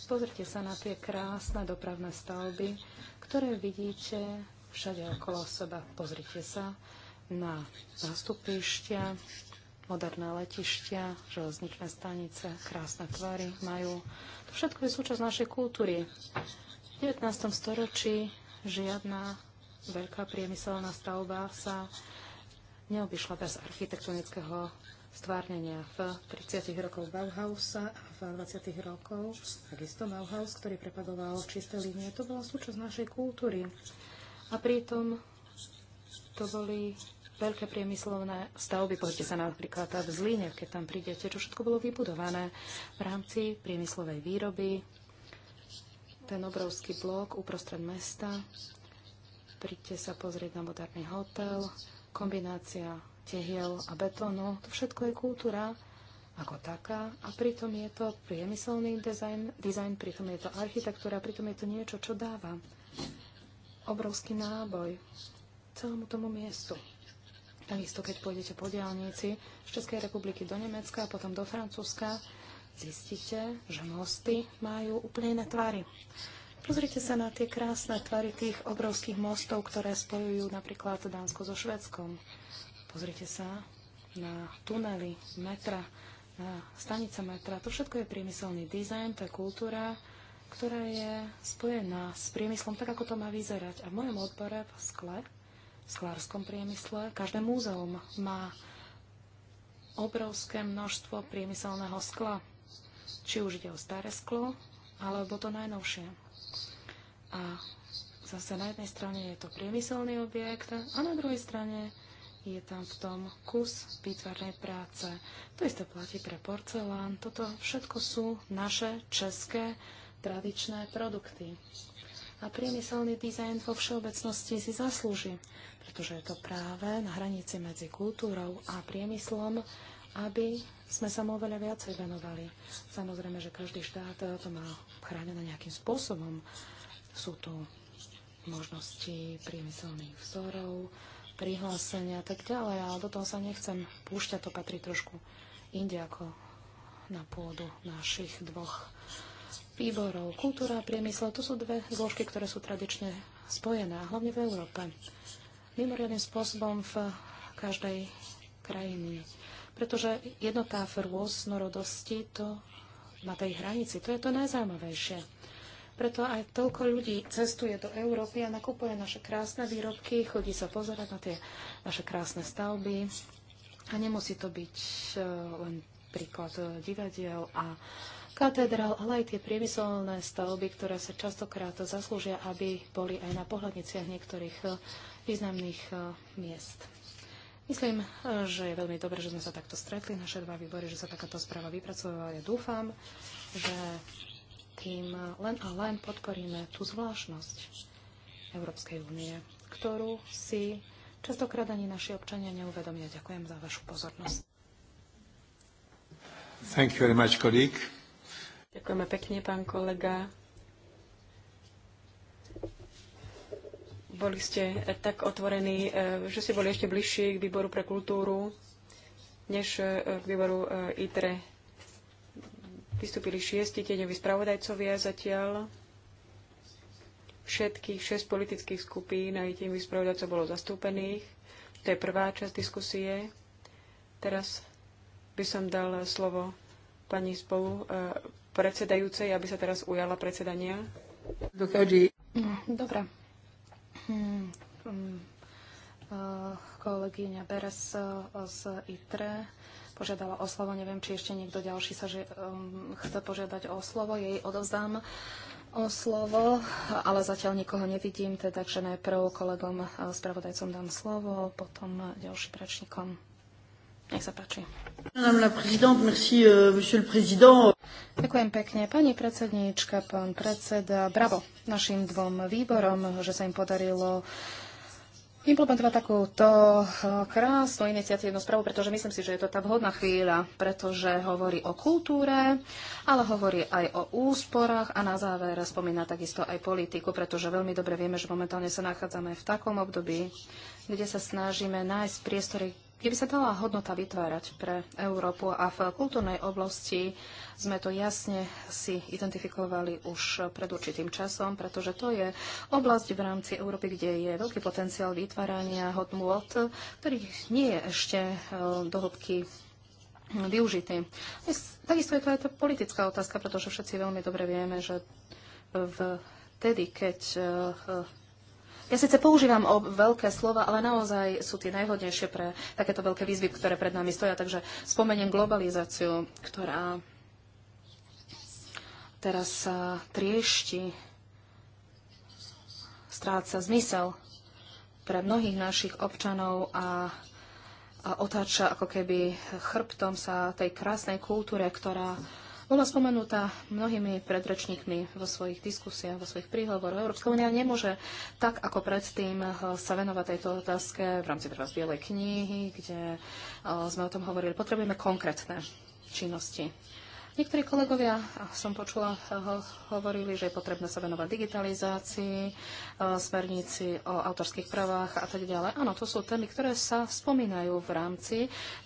pozrite sa na tie krásne dopravné stavby, ktoré vidíte všade okolo seba. Pozrite sa na zastupišťa, moderné letištia, železničné stanice, krásne tvary majú. To všetko je súčasť našej kultúry. V 19. storočí žiadna veľká priemyselná stavba sa neobyšla bez architektonického stvárnenia. V 30. rokoch Bauhausa a v 20. rokoch takisto Bauhaus, ktorý prepadoval čisté línie, to bola súčasť našej kultúry. A pritom to boli veľké priemyslovné stavby. Pozrite sa napríklad v Zlíne, keď tam prídete, čo všetko bolo vybudované v rámci priemyslovej výroby. Ten obrovský blok uprostred mesta. Príďte sa pozrieť na moderný hotel, kombinácia tehiel a betónu. To všetko je kultúra ako taká a pritom je to priemyselný dizajn, dizajn, pritom je to architektúra, pritom je to niečo, čo dáva obrovský náboj celému tomu miestu. Takisto, keď pôjdete po diálnici z Českej republiky do Nemecka a potom do Francúzska, zistíte, že mosty majú úplne iné tvary. Pozrite sa na tie krásne tvary tých obrovských mostov, ktoré spojujú napríklad Dánsko so Švedskom. Pozrite sa na tunely, metra, na stanice metra. To všetko je priemyselný dizajn, to je kultúra, ktorá je spojená s priemyslom tak, ako to má vyzerať. A v mojom odbore v skle v sklárskom priemysle. Každé múzeum má obrovské množstvo priemyselného skla. Či už ide o staré sklo, alebo to najnovšie. A zase na jednej strane je to priemyselný objekt a na druhej strane je tam v tom kus výtvarnej práce. To isté platí pre porcelán. Toto všetko sú naše české tradičné produkty. A priemyselný dizajn vo všeobecnosti si zaslúži, pretože je to práve na hranici medzi kultúrou a priemyslom, aby sme sa mu oveľa viacej venovali. Samozrejme, že každý štát to má chránené nejakým spôsobom. Sú tu možnosti priemyselných vzorov, prihlásenia a tak ďalej, ale do toho sa nechcem púšťať, to patrí trošku inde ako na pôdu našich dvoch výborov. Kultúra a priemysel, to sú dve zložky, ktoré sú tradične spojené, hlavne v Európe. Mimoriadným spôsobom v každej krajiny. Pretože jednotá v rôznorodosti, to na tej hranici, to je to najzaujímavejšie. Preto aj toľko ľudí cestuje do Európy a nakupuje naše krásne výrobky, chodí sa pozerať na tie naše krásne stavby. A nemusí to byť eh, len príklad eh, divadiel a katedrál, ale aj tie priemyselné stavby, ktoré sa častokrát zaslúžia, aby boli aj na pohľadniciach niektorých eh, významných eh, miest. Myslím, eh, že je veľmi dobré, že sme sa takto stretli, naše dva výbory, že sa takáto správa vypracovala. Ja dúfam, že tým len a len podporíme tú zvláštnosť Európskej únie, ktorú si častokrát ani naši občania neuvedomia. Ďakujem za vašu pozornosť. Thank you very much, colleague. Ďakujeme pekne, pán kolega. Boli ste eh, tak otvorení, eh, že ste boli ešte bližší k výboru pre kultúru, než eh, k výboru ITRE. Vystúpili šiesti tieňoví spravodajcovia zatiaľ. Všetkých šest politických skupín aj tieňových spravodajcov bolo zastúpených. To je prvá časť diskusie. Teraz by som dal slovo pani spolu predsedajúcej, aby sa teraz ujala predsedania? Dokáži. Dobre. Hmm. Uh, kolegyňa Beres eh, z ITRE požiadala o slovo. Neviem, či ešte niekto ďalší sa že, um, chce požiadať o slovo. Jej odovzdám o slovo, ale zatiaľ nikoho nevidím, teda, takže najprv kolegom eh, spravodajcom dám slovo, potom ďalším rečníkom. Nech sa páči. Euh, Ďakujem pekne, pani predsedníčka, pán predseda. Bravo našim dvom výborom, že sa im podarilo implementovať takúto eh, krásnu iniciatívnu správu, pretože myslím si, že je to tá vhodná chvíľa, pretože hovorí o kultúre, ale hovorí aj o úsporách a na záver spomína takisto aj politiku, pretože veľmi dobre vieme, že momentálne sa nachádzame v takom období, kde sa snažíme nájsť priestory kde by sa dala hodnota vytvárať pre Európu a v kultúrnej oblasti sme to jasne si identifikovali už pred určitým časom, pretože to je oblasť v rámci Európy, kde je veľký potenciál vytvárania hodnot, ktorý nie je ešte e, do hĺbky využitý. Takisto je to aj tá politická otázka, pretože všetci veľmi dobre vieme, že vtedy, keď e, ja síce používam o veľké slova, ale naozaj sú tie najvhodnejšie pre takéto veľké výzvy, ktoré pred nami stoja. Takže spomeniem globalizáciu, ktorá teraz sa triešti, stráca zmysel pre mnohých našich občanov a, a otáča ako keby chrbtom sa tej krásnej kultúre, ktorá bola spomenutá mnohými predrečníkmi vo svojich diskusiách, vo svojich príhovoroch. Európska únia nemôže tak ako predtým eh, sa venovať tejto otázke v rámci teraz Bielej knihy, kde eh, sme o tom hovorili. Potrebujeme konkrétne činnosti Niektorí kolegovia, som počula, eh, ho, hovorili, že je potrebné sa venovať digitalizácii, eh, smernici o autorských pravách a tak ďalej. Áno, to sú témy, ktoré sa spomínajú v rámci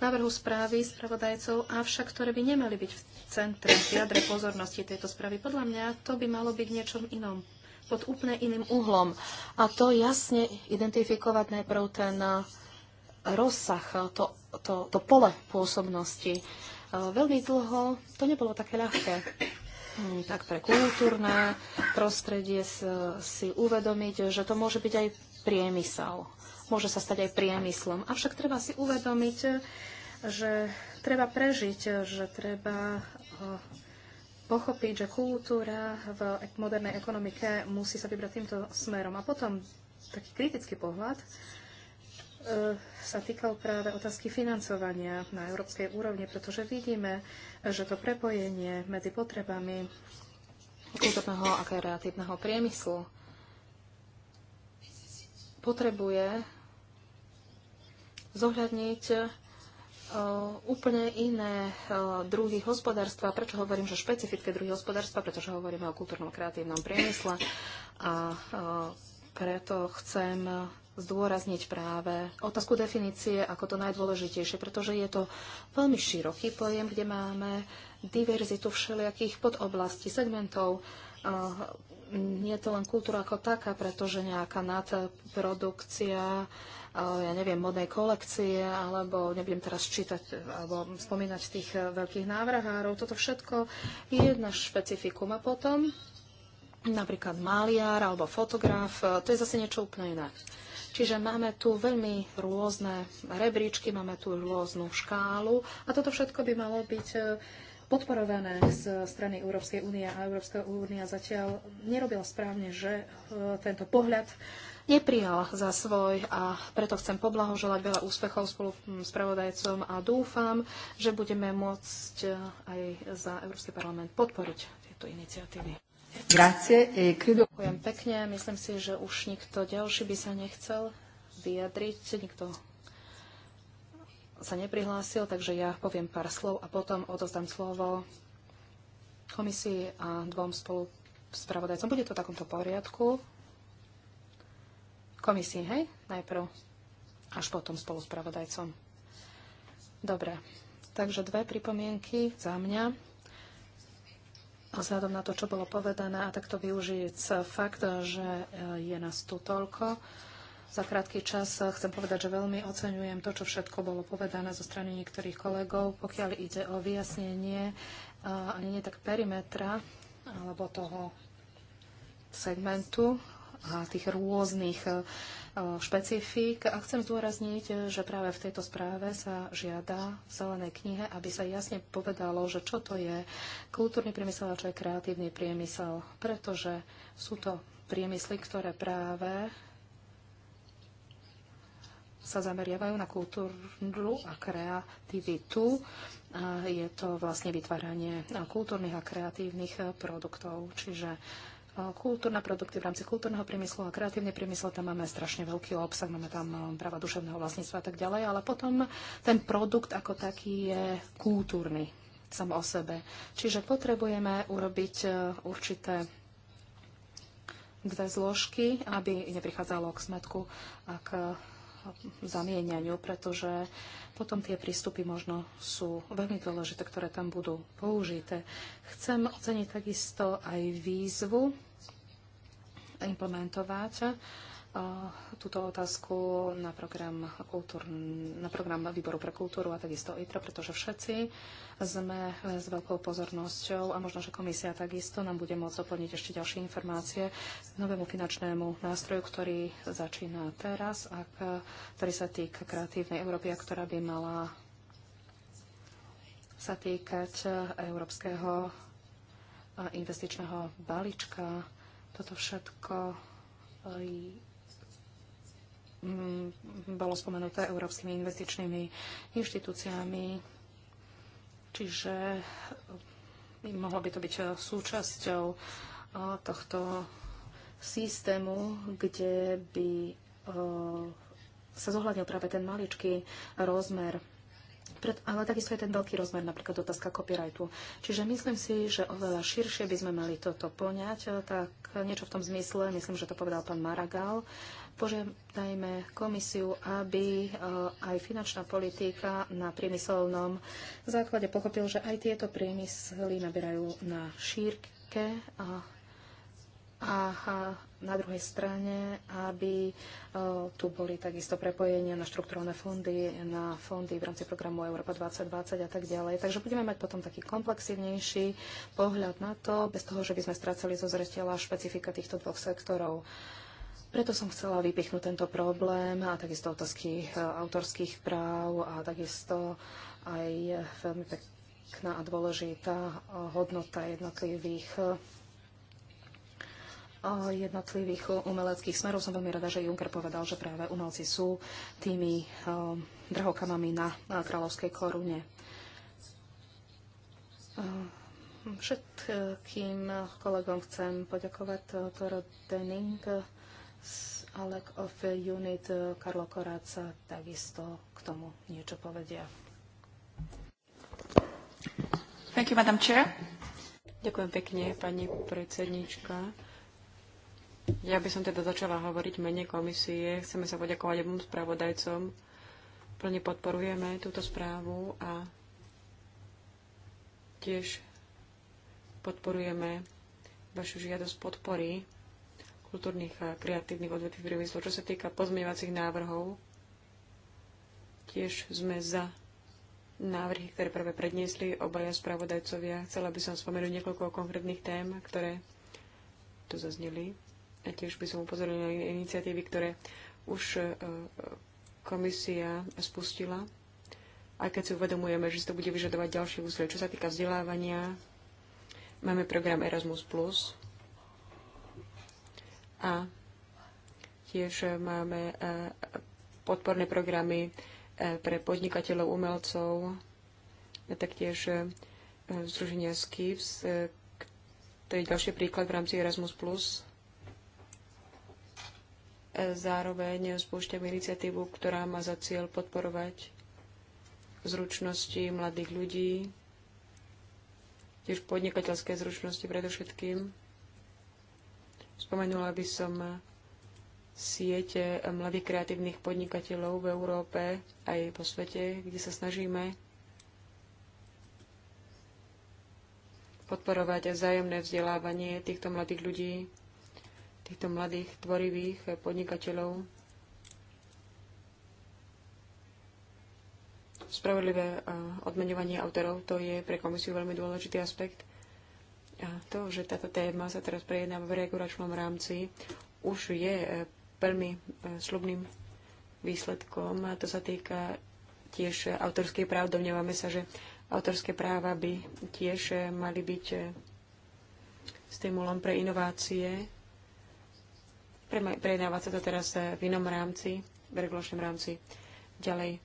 návrhu správy spravodajcov, avšak ktoré by nemali byť v centre, v jadre pozornosti tejto správy. Podľa mňa to by malo byť niečom inom pod úplne iným uhlom. A to jasne identifikovať najprv ten eh, rozsah, to, to, to pole pôsobnosti Veľmi dlho to nebolo také ľahké hm, tak pre kultúrne prostredie si uvedomiť, že to môže byť aj priemysel. Môže sa stať aj priemyslom. Avšak treba si uvedomiť, že treba prežiť, že treba eh, pochopiť, že kultúra v modernej ekonomike musí sa vybrať týmto smerom. A potom taký kritický pohľad E, sa týkal práve otázky financovania na európskej úrovni, pretože vidíme, že to prepojenie medzi potrebami kultúrneho a kreatívneho priemyslu potrebuje zohľadniť e, úplne iné e, druhy hospodárstva. Prečo hovorím, že špecifické druhy hospodárstva? Pretože hovoríme o kultúrnom kreatívnom priemysle a preto chcem zdôrazniť práve otázku definície ako to najdôležitejšie, pretože je to veľmi široký pojem, kde máme diverzitu všelijakých podoblastí, segmentov. Ehm, nie je to len kultúra ako taká, pretože nejaká nadprodukcia, ehm, ja neviem, modnej kolekcie, alebo nebudem teraz čítať alebo spomínať tých eh, veľkých návrhárov. Toto všetko je jedna špecifikum. A potom napríklad maliar alebo fotograf, eh, to je zase niečo úplne iné. Čiže máme tu veľmi rôzne rebríčky, máme tu rôznu škálu a toto všetko by malo byť e, podporované z strany Európskej únie a Európska únia zatiaľ nerobila správne, že e, tento pohľad neprijal za svoj a preto chcem poblahoželať veľa úspechov spolu s pravodajcom a dúfam, že budeme môcť e, aj za Európsky parlament podporiť tieto iniciatívy. Grazie e credo... Ďakujem pekne. Myslím si, že už nikto ďalší by sa nechcel vyjadriť. Nikto sa neprihlásil, takže ja poviem pár slov a potom odozdám slovo komisii a dvom spolu spravodajcom. Bude to v takomto poriadku. Komisii, hej? Najprv. Až potom spolu spravodajcom. Dobre. Takže dve pripomienky za mňa vzhľadom na to, čo bolo povedané a takto využiť fakt, že e, je nás tu toľko. Za krátky čas e, chcem povedať, že veľmi oceňujem to, čo všetko bolo povedané zo strany niektorých kolegov, pokiaľ ide o vyjasnenie e, ani nie tak perimetra alebo toho segmentu a tých rôznych e, špecifík. A chcem zdôrazniť, e, že práve v tejto správe sa žiada v zelenej knihe, aby sa jasne povedalo, že čo to je kultúrny priemysel a čo je kreatívny priemysel. Pretože sú to priemysly, ktoré práve sa zameriavajú na kultúru a kreativitu. Je to vlastne vytváranie kultúrnych a kreatívnych produktov. Čiže kultúrne produkty v rámci kultúrneho priemyslu a kreatívny priemysel, tam máme strašne veľký obsah, máme tam um, práva duševného vlastníctva a tak ďalej, ale potom ten produkt ako taký je kultúrny sam o sebe. Čiže potrebujeme urobiť uh, určité dve zložky, aby neprichádzalo k smetku a k zamienianiu, pretože potom tie prístupy možno sú veľmi dôležité, ktoré tam budú použité. Chcem oceniť takisto aj výzvu implementovať túto otázku na program, kultúr, na program Výboru pre kultúru a takisto ITRA, pretože všetci sme s veľkou pozornosťou a možno, že komisia takisto nám bude môcť doplniť ešte ďalšie informácie k novému finančnému nástroju, ktorý začína teraz a ktorý sa týka kreatívnej Európy a ktorá by mala sa týkať európskeho investičného balíčka. Toto všetko e, Mm, bolo spomenuté európskymi investičnými inštitúciami, čiže e, mohlo by to byť e, súčasťou e, tohto systému, kde by sa zohľadnil práve ten maličký rozmer pred, ale takisto je ten veľký rozmer, napríklad otázka copyrightu. Čiže myslím si, že oveľa širšie by sme mali toto poňať, tak niečo v tom zmysle, myslím, že to povedal pán Maragal, Požiadajme komisiu, aby eh, aj finančná politika na priemyselnom základe pochopil, že aj tieto priemysly naberajú na šírke a, a, a na druhej strane, aby o, eh, tu boli takisto prepojenia na štruktúrne fondy, na fondy v rámci programu Európa 2020 a tak ďalej. Takže budeme mať potom taký komplexívnejší pohľad na to, bez toho, že by sme strácali zo zretela špecifika týchto dvoch sektorov. Preto som chcela vypichnúť tento problém a takisto otázky e, autorských práv a takisto aj e, veľmi pekná a dôležitá hodnota jednotlivých e, jednotlivých umeleckých smerov. Som veľmi rada, že Juncker povedal, že práve umelci sú tými drahokamami na kráľovskej korune. Všetkým kolegom chcem poďakovať Toro Denning Alec of Unit eh, Karlo Koráca takisto k tomu niečo povedia. Thank you, Madam Chair. Ďakujem pekne, pani predsednička. Ja by som teda začala hovoriť mene komisie. Chceme sa poďakovať obom spravodajcom. Plne podporujeme túto správu a tiež podporujeme vašu žiadosť podpory kultúrnych a kreatívnych odvetví priemyslu. Čo sa týka pozmeňovacích návrhov, tiež sme za návrhy, ktoré práve predniesli obaja spravodajcovia. Chcela by som spomenúť niekoľko konkrétnych tém, ktoré tu zazneli. A tiež by som upozornila na iniciatívy, ktoré už e, komisia spustila, aj keď si uvedomujeme, že si to bude vyžadovať ďalšie úsilie. Čo sa týka vzdelávania, máme program Erasmus+, a tiež máme e, podporné programy e, pre podnikateľov, umelcov, a taktiež e, Združenia Skips. To je ďalší príklad v rámci Erasmus+. Zároveň spúšťam iniciatívu, ktorá má za cieľ podporovať zručnosti mladých ľudí, tiež podnikateľské zručnosti predovšetkým. Spomenula by som siete mladých kreatívnych podnikateľov v Európe aj po svete, kde sa snažíme podporovať vzájomné vzdelávanie týchto mladých ľudí, týchto mladých tvorivých podnikateľov. Spravodlivé eh, odmenovanie autorov, to je pre komisiu veľmi dôležitý aspekt. A to, že táto téma sa teraz prejednáva v regulačnom rámci, už je e, veľmi e, slubným výsledkom. A to sa týka tiež autorskej práv. Domnievame sa, že autorské práva by tiež e, mali byť stimulom pre inovácie. Prejednáva sa to teraz v inom rámci, v regulačnom rámci. Ďalej,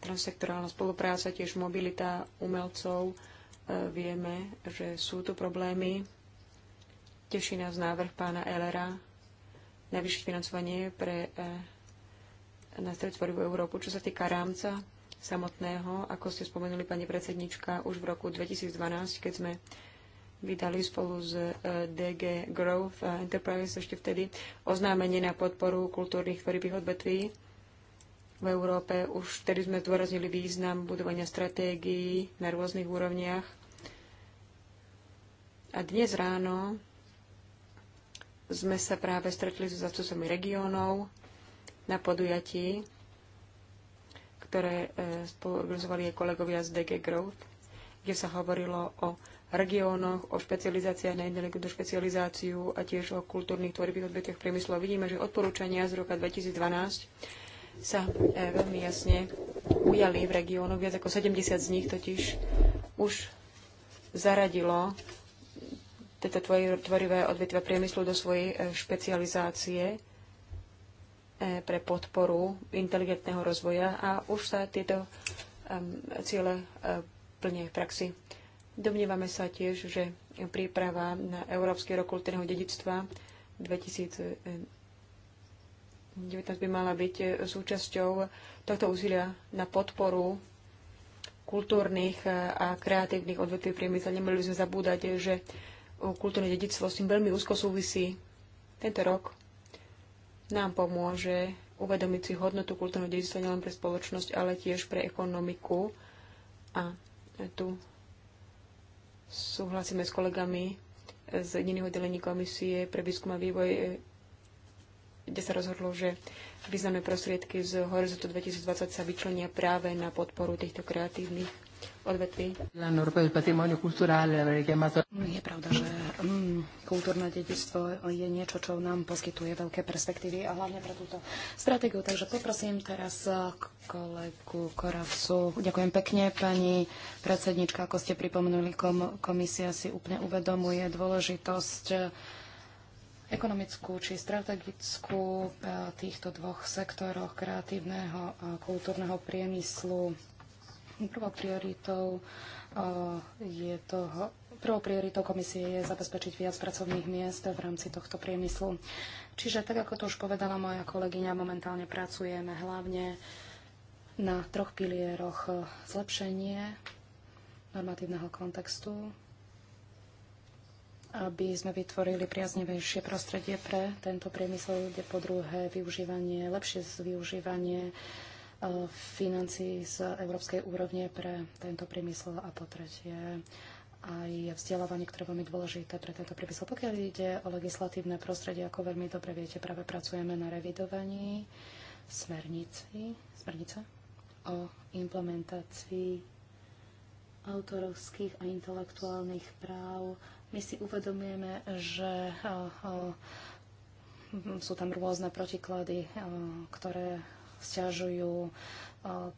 transsektorálna spolupráca, tiež mobilita umelcov, E, vieme, že sú tu problémy. Teší nás návrh pána Elera navýšiť financovanie pre e, na tvorivú Európu. Čo sa týka rámca samotného, ako ste spomenuli, pani predsednička, už v roku 2012, keď sme vydali spolu s e, DG Growth Enterprise ešte vtedy oznámenie na podporu kultúrnych tvorivých odvetví v Európe. Už vtedy sme zdôraznili význam budovania stratégií na rôznych úrovniach. A dnes ráno sme sa práve stretli so zastupcami regiónov na podujatí, ktoré e, spolurozovali aj kolegovia z DG Growth, kde sa hovorilo o regiónoch, o špecializáciách na jednotlivú špecializáciu a tiež o kultúrnych tvorivých odvetviach priemyslu. Vidíme, že odporúčania z roka 2012 sa e, veľmi jasne ujali v regiónoch. Viac ako 70 z nich totiž už zaradilo tieto tvorivé odvetva priemyslu do svojej e, špecializácie e, pre podporu inteligentného rozvoja a už sa tieto ciele plne v praxi. Domnievame sa tiež, že príprava na Európsky rok kultúrneho dedictva 2020. 19 by mala byť e, súčasťou tohto úsilia na podporu kultúrnych e, a kreatívnych odvetví priemysla. Nemali by sme zabúdať, že kultúrne dedičstvo s tým veľmi úzko súvisí. Tento rok nám pomôže uvedomiť si hodnotu kultúrneho dedičstva nielen pre spoločnosť, ale tiež pre ekonomiku. A tu súhlasíme s kolegami z iného oddelení komisie pre výskum a vývoj kde sa rozhodlo, že významné prostriedky z Horizontu 2020 sa vyčlenia práve na podporu týchto kreatívnych odvetví. Je pravda, že mm, kultúrne dedictvo je niečo, čo nám poskytuje veľké perspektívy a hlavne pre túto stratégiu. Takže poprosím teraz eh, kolegu Koravcu. Ďakujem pekne, pani predsednička. Ako ste pripomenuli, kom komisia si úplne uvedomuje dôležitosť eh, ekonomickú či strategickú eh, týchto dvoch sektoroch kreatívneho a kultúrneho priemyslu. Prvou prioritou eh, je toho, prvou prioritou komisie je zabezpečiť viac pracovných miest v rámci tohto priemyslu. Čiže tak, ako to už povedala moja kolegyňa, momentálne pracujeme hlavne na troch pilieroch eh, zlepšenie normatívneho kontextu, aby sme vytvorili priaznevejšie prostredie pre tento priemysel, kde po druhé využívanie, lepšie využívanie e, financí z európskej úrovne pre tento priemysel a po tretie aj vzdelávanie, ktoré je veľmi dôležité pre tento priemysel. Pokiaľ ide o legislatívne prostredie, ako veľmi dobre viete, práve pracujeme na revidovaní smernici, smernice o implementácii autorovských a intelektuálnych práv my si uvedomujeme, že eh, eh, sú tam rôzne protiklady, eh, ktoré stiažujú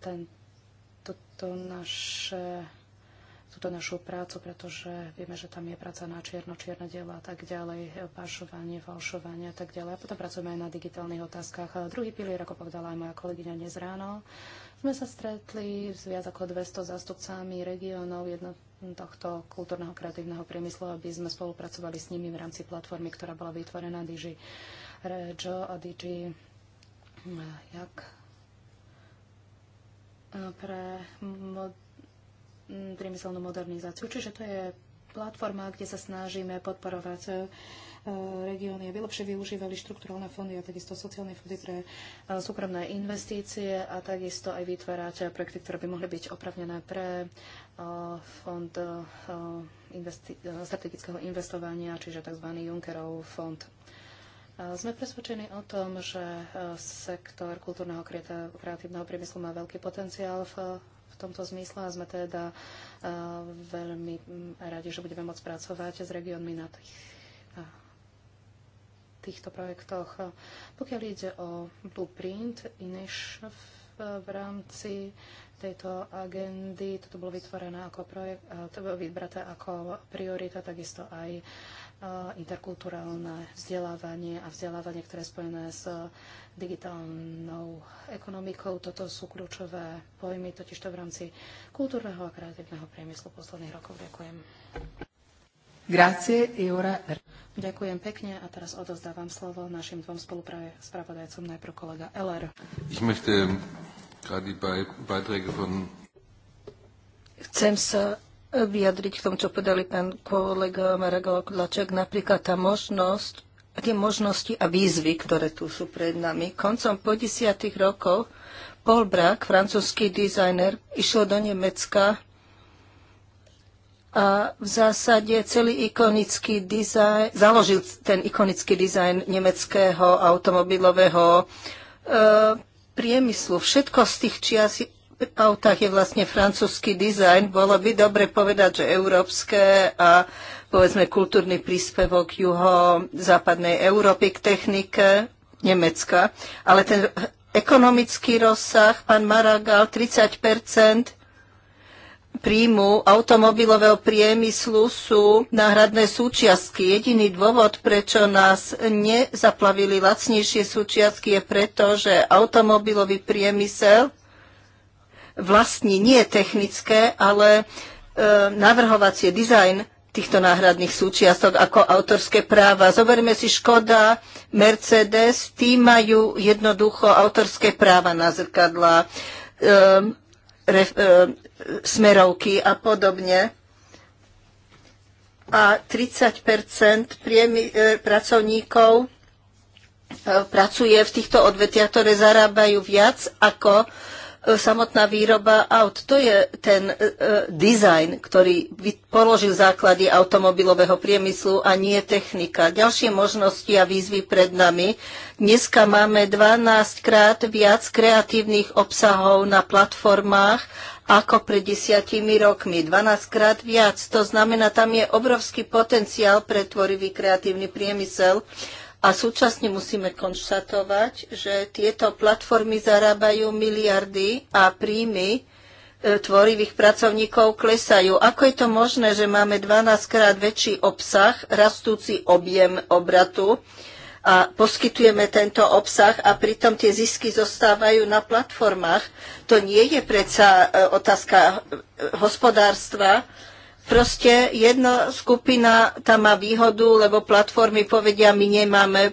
ten, toto naše túto našu prácu, pretože vieme, že tam je práca na čierno, čierne diela a tak ďalej, pašovanie, falšovanie a tak ďalej. A potom pracujeme aj na digitálnych otázkach. A druhý pilier, ako povedala aj moja kolegyňa dnes ráno, sme sa stretli s viac ako 200 zástupcami regiónov, jedno, tohto kultúrneho kreatívneho priemyslu, aby sme spolupracovali s nimi v rámci platformy, ktorá bola vytvorená Digi Rejo a DG eh, jak eh, pre mod, mm, priemyselnú modernizáciu. Čiže to je platforma, kde sa snažíme podporovať eh, Eh, regióny, aby lepšie využívali štrukturálne fondy a takisto sociálne fondy pre eh, súkromné investície a takisto aj vytvárať projekty, ktoré by mohli byť opravnené pre eh, fond investi- strategického investovania, čiže tzv. Junckerov fond. Sme presvedčení o tom, že sektor kultúrneho kreatívneho priemyslu má veľký potenciál v, v tomto zmysle a sme teda veľmi mm, radi, že budeme môcť pracovať s regiónmi na tých týchto projektoch. Pokiaľ ide o blueprint, inéž v rámci tejto agendy, toto bolo vytvorené ako projekt, to bolo vybraté ako priorita, takisto aj interkulturálne vzdelávanie a vzdelávanie, ktoré je spojené s digitálnou ekonomikou. Toto sú kľúčové pojmy, totižto v rámci kultúrneho a kreatívneho priemyslu posledných rokov. Ďakujem. Grazie, Eura. Ďakujem pekne a teraz odozdávam slovo našim dvom spolupravodajcom, najprv kolega LR. Ich möchte gerade die Beiträge von... Chcem sa vyjadriť k tomu, čo povedali pán kolega Marek Laček, napríklad tá možnosť, tie možnosti a výzvy, ktoré tu sú pred nami. Koncom 50. rokov Paul Brack, francúzsky dizajner, išiel do Nemecka a v zásade celý ikonický dizajn, založil ten ikonický dizajn nemeckého automobilového e, priemyslu. Všetko z tých čias autách je vlastne francúzsky dizajn. Bolo by dobre povedať, že európske a povedzme kultúrny príspevok juho-západnej Európy k technike Nemecka. Ale ten ekonomický rozsah, pán Maragal, 30 príjmu automobilového priemyslu sú náhradné súčiastky. Jediný dôvod, prečo nás nezaplavili lacnejšie súčiastky, je preto, že automobilový priemysel vlastní nie technické, ale e, navrhovacie dizajn týchto náhradných súčiastok ako autorské práva. Zoberme si Škoda, Mercedes, tí majú jednoducho autorské práva na zrkadla. Um, ref, e, smerovky a podobne. A 30 e, pracovníkov e, pracuje v týchto odvetiach, ktoré zarábajú viac ako samotná výroba aut. To je ten e, e dizajn, ktorý položil základy automobilového priemyslu a nie technika. Ďalšie možnosti a výzvy pred nami. Dneska máme 12 krát viac kreatívnych obsahov na platformách ako pred desiatimi rokmi. 12 krát viac. To znamená, tam je obrovský potenciál pre tvorivý kreatívny priemysel a súčasne musíme konštatovať, že tieto platformy zarábajú miliardy a príjmy e, tvorivých pracovníkov klesajú. Ako je to možné, že máme 12 krát väčší obsah, rastúci objem obratu a poskytujeme tento obsah a pritom tie zisky zostávajú na platformách? To nie je predsa e, otázka e, hospodárstva, Proste jedna skupina tam má výhodu, lebo platformy povedia, my nemáme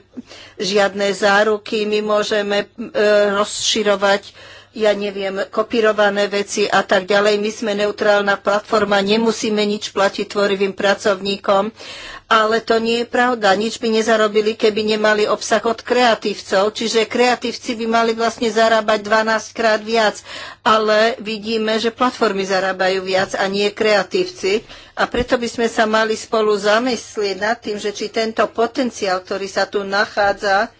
žiadne záruky, my môžeme e, rozširovať, ja neviem, kopírované veci a tak ďalej. My sme neutrálna platforma, nemusíme nič platiť tvorivým pracovníkom ale to nie je pravda. Nič by nezarobili, keby nemali obsah od kreatívcov. Čiže kreatívci by mali vlastne zarábať 12 krát viac. Ale vidíme, že platformy zarábajú viac a nie kreatívci. A preto by sme sa mali spolu zamyslieť nad tým, že či tento potenciál, ktorý sa tu nachádza,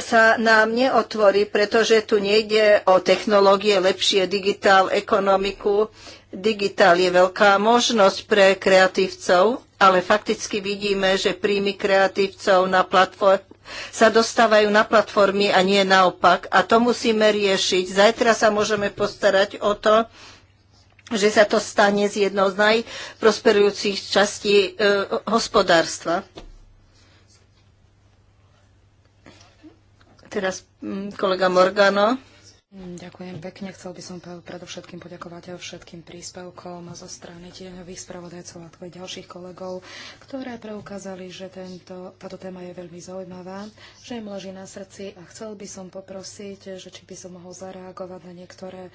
sa nám neotvorí, pretože tu nejde o technológie, lepšie digitál, ekonomiku. Digitál je veľká možnosť pre kreatívcov, ale fakticky vidíme, že príjmy kreatívcov na platform, sa dostávajú na platformy a nie naopak. A to musíme riešiť. Zajtra sa môžeme postarať o to, že sa to stane z jednou z najprosperujúcich častí e, hospodárstva. Teraz mm, kolega Morgano. Mm, ďakujem pekne. Chcel by som predovšetkým poďakovať všetkým príspevkom zo strany tieňových spravodajcov a ďalších kolegov, ktoré preukázali, že tento, táto téma je veľmi zaujímavá, že im leží na srdci a chcel by som poprosiť, že či by som mohol zareagovať na niektoré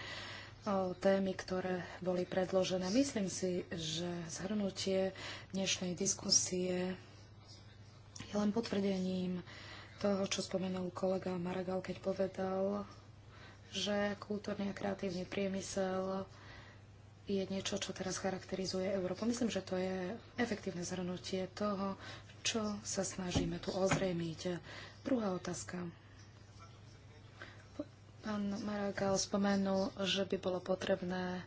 témy, ktoré boli predložené. Myslím si, že zhrnutie dnešnej diskusie je len potvrdením toho, čo spomenul kolega Maragal, keď povedal, že kultúrny a kreatívny priemysel je niečo, čo teraz charakterizuje Európu. Myslím, že to je efektívne zhrnutie toho, čo sa snažíme tu ozrejmiť. Druhá otázka. Pán Maragal spomenul, že by bolo potrebné eh,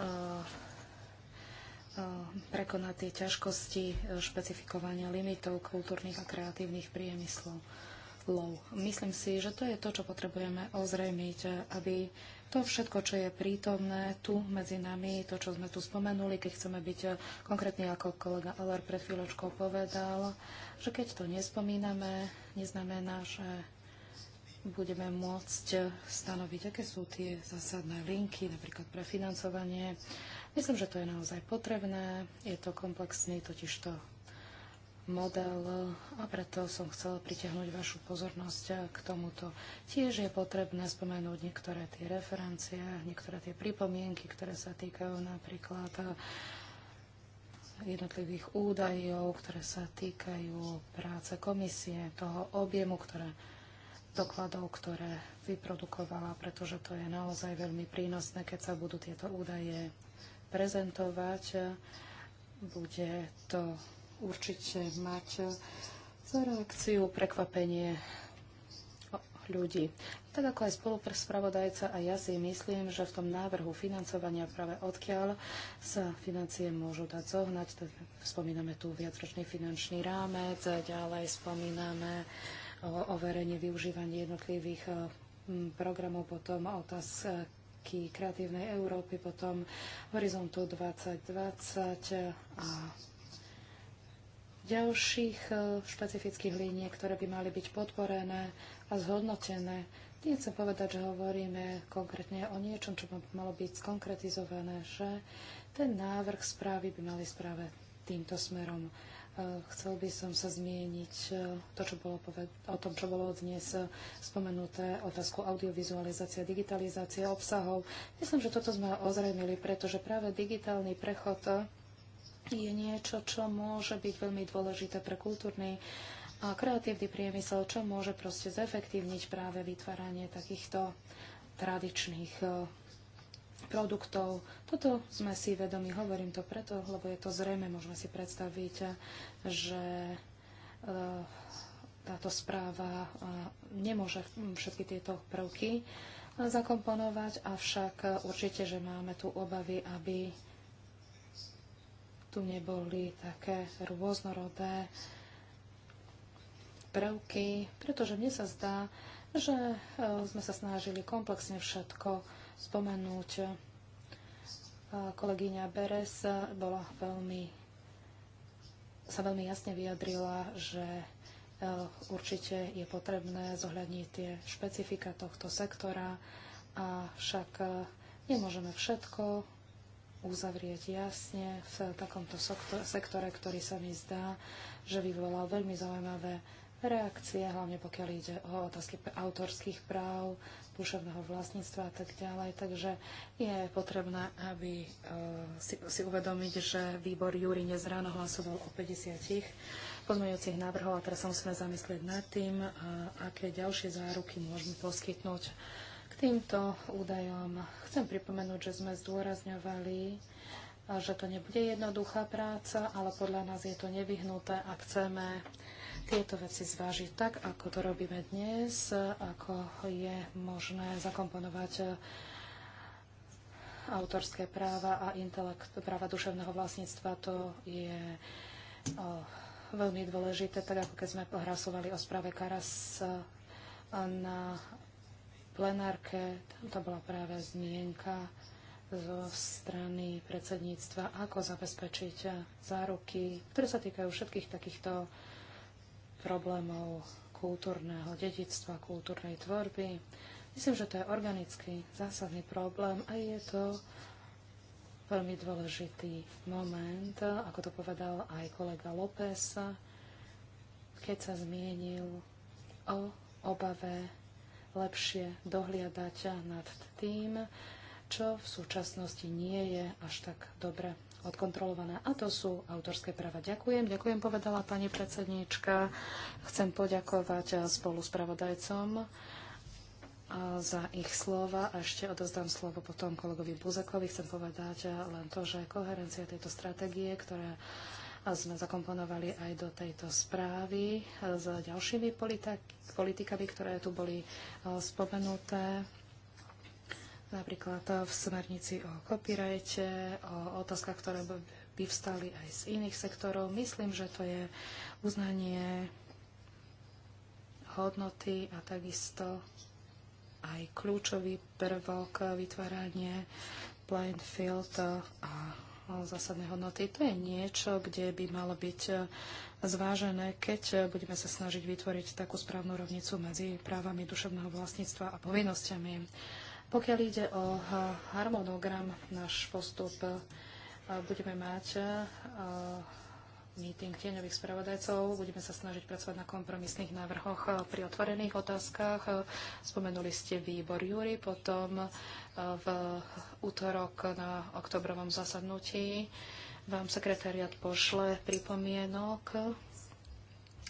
eh, prekonať tie ťažkosti špecifikovania limitov kultúrnych a kreatívnych priemyslov lov. Myslím si, že to je to, čo potrebujeme ozrejmiť, aby to všetko, čo je prítomné tu medzi nami, to, čo sme tu spomenuli, keď chceme byť konkrétni, ako kolega Aller pred chvíľočkou povedal, že keď to nespomíname, neznamená, že budeme môcť stanoviť, aké sú tie zásadné linky, napríklad pre financovanie. Myslím, že to je naozaj potrebné. Je to komplexný totižto model a preto som chcela pritiahnuť vašu pozornosť k tomuto. Tiež je potrebné spomenúť niektoré tie referencie, niektoré tie pripomienky, ktoré sa týkajú napríklad jednotlivých údajov, ktoré sa týkajú práce komisie, toho objemu, ktoré dokladov, ktoré vyprodukovala, pretože to je naozaj veľmi prínosné, keď sa budú tieto údaje prezentovať. Bude to určite mať za reakciu, prekvapenie ľudí. Tak ako aj spoluprespravodajca a ja si myslím, že v tom návrhu financovania práve odkiaľ sa financie môžu dať zohnať. Spomíname tu viacročný finančný rámec, ďalej spomíname o overenie využívania jednotlivých e, programov, potom otázky kreatívnej Európy, potom horizontu 2020 a ďalších e, špecifických línií, ktoré by mali byť podporené a zhodnotené. chcem povedať, že hovoríme konkrétne o niečom, čo by malo byť skonkretizované, že ten návrh správy by mali správe týmto smerom. E, chcel by som sa zmieniť e, to, čo bolo poved- o tom, čo bolo dnes spomenuté, otázku audiovizualizácia, digitalizácia obsahov. Myslím, že toto sme ozrejmili, pretože práve digitálny prechod je niečo, čo môže byť veľmi dôležité pre kultúrny a kreatívny priemysel, čo môže proste zefektívniť práve vytváranie takýchto tradičných e, produktov. Toto sme si vedomi, hovorím to preto, lebo je to zrejme, môžeme si predstaviť, e, že e, táto správa nemôže všetky tieto prvky zakomponovať, avšak určite, že máme tu obavy, aby tu neboli také rôznorodé prvky, pretože mne sa zdá, že e, sme sa snažili komplexne všetko spomenúť. E, kolegyňa Beres bola veľmi, sa veľmi jasne vyjadrila, že e, určite je potrebné zohľadniť tie špecifika tohto sektora, a však nemôžeme všetko uzavrieť jasne v takomto sektore, ktorý sa mi zdá, že vyvolal veľmi zaujímavé reakcie, hlavne pokiaľ ide o otázky autorských práv, duševného vlastníctva a tak ďalej. Takže je potrebné, aby e, si, si uvedomiť, že výbor Júri dnes ráno hlasoval o 50 pozmeňujúcich návrhov a teraz sa musíme zamyslieť nad tým, e, aké ďalšie záruky môžeme poskytnúť týmto údajom. Chcem pripomenúť, že sme zdôrazňovali, že to nebude jednoduchá práca, ale podľa nás je to nevyhnuté a chceme tieto veci zvážiť tak, ako to robíme dnes, ako je možné zakomponovať eh, autorské práva a intelekt, práva duševného vlastníctva. To je o, eh, veľmi dôležité, tak ako keď sme hlasovali o správe Karas eh, na plenárke. Tam to bola práve zmienka zo strany predsedníctva, ako zabezpečiť záruky, ktoré sa týkajú všetkých takýchto problémov kultúrneho dedictva, kultúrnej tvorby. Myslím, že to je organický, zásadný problém a je to veľmi dôležitý moment, ako to povedal aj kolega López, keď sa zmienil o obave lepšie dohliadať nad tým, čo v súčasnosti nie je až tak dobre odkontrolované. A to sú autorské práva. Ďakujem, ďakujem, povedala pani predsedníčka. Chcem poďakovať spolu pravodajcom za ich slova. A ešte odozdám slovo potom kolegovi Buzekovi. Chcem povedať len to, že koherencia tejto stratégie, ktorá sme zakomponovali aj do tejto správy s ďalšími politikami, ktoré tu boli e, spomenuté napríklad v smernici o copyrighte, o otázkach, ktoré by vstali aj z iných sektorov. Myslím, že to je uznanie hodnoty a takisto aj kľúčový prvok vytváranie blind field a zásadné hodnoty. To je niečo, kde by malo byť e, zvážené, keď e, budeme sa snažiť vytvoriť takú správnu rovnicu medzi právami duševného vlastníctva a povinnosťami. Pokiaľ ide o e, harmonogram, náš postup budeme mať meeting tieňových spravodajcov. Budeme sa snažiť pracovať na kompromisných návrhoch eh, pri otvorených otázkach. Eh, spomenuli ste výbor Júry, potom eh, v útorok na oktobrovom zasadnutí vám sekretariat pošle pripomienok,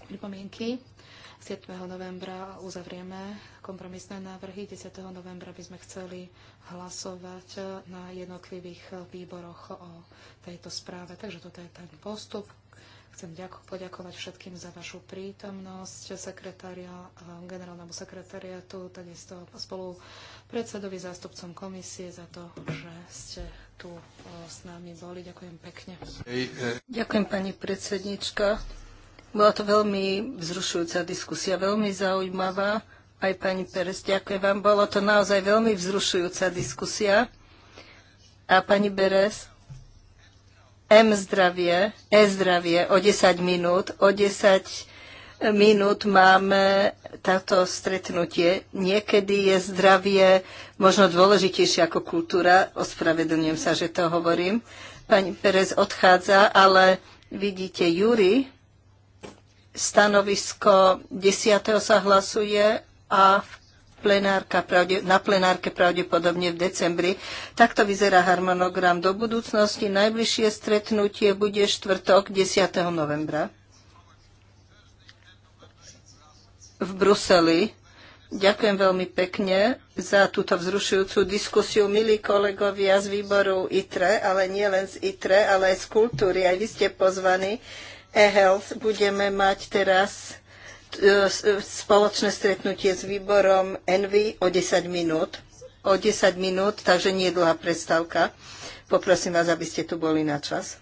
pripomienky. 7. novembra uzavrieme kompromisné návrhy. 10. novembra by sme chceli hlasovať na jednotlivých výboroch o tejto správe. Takže toto je ten postup chcem poďakovať všetkým za vašu prítomnosť, sekretária, generálnemu sekretariatu, takisto spolu predsedovi, zástupcom komisie za to, že ste tu s nami boli. Ďakujem pekne. Ďakujem pani predsednička. Bola to veľmi vzrušujúca diskusia, veľmi zaujímavá. Aj pani Perez, ďakujem vám. Bolo to naozaj veľmi vzrušujúca diskusia. A pani Beres, M zdravie, E zdravie o 10 minút. O 10 minút máme táto stretnutie. Niekedy je zdravie možno dôležitejšie ako kultúra. Ospravedlňujem sa, že to hovorím. Pani Perez odchádza, ale vidíte, Júri, stanovisko 10. sa hlasuje a v plenárka, pravde, na plenárke pravdepodobne v decembri. Takto vyzerá harmonogram do budúcnosti. Najbližšie stretnutie bude štvrtok 10. novembra v Bruseli. Ďakujem veľmi pekne za túto vzrušujúcu diskusiu, milí kolegovia z výboru ITRE, ale nie len z ITRE, ale aj z kultúry. Aj vy ste pozvaní. E-health budeme mať teraz spoločné stretnutie s výborom Envy o 10 minút. O 10 minút, takže nie je dlhá predstavka. Poprosím vás, aby ste tu boli na čas.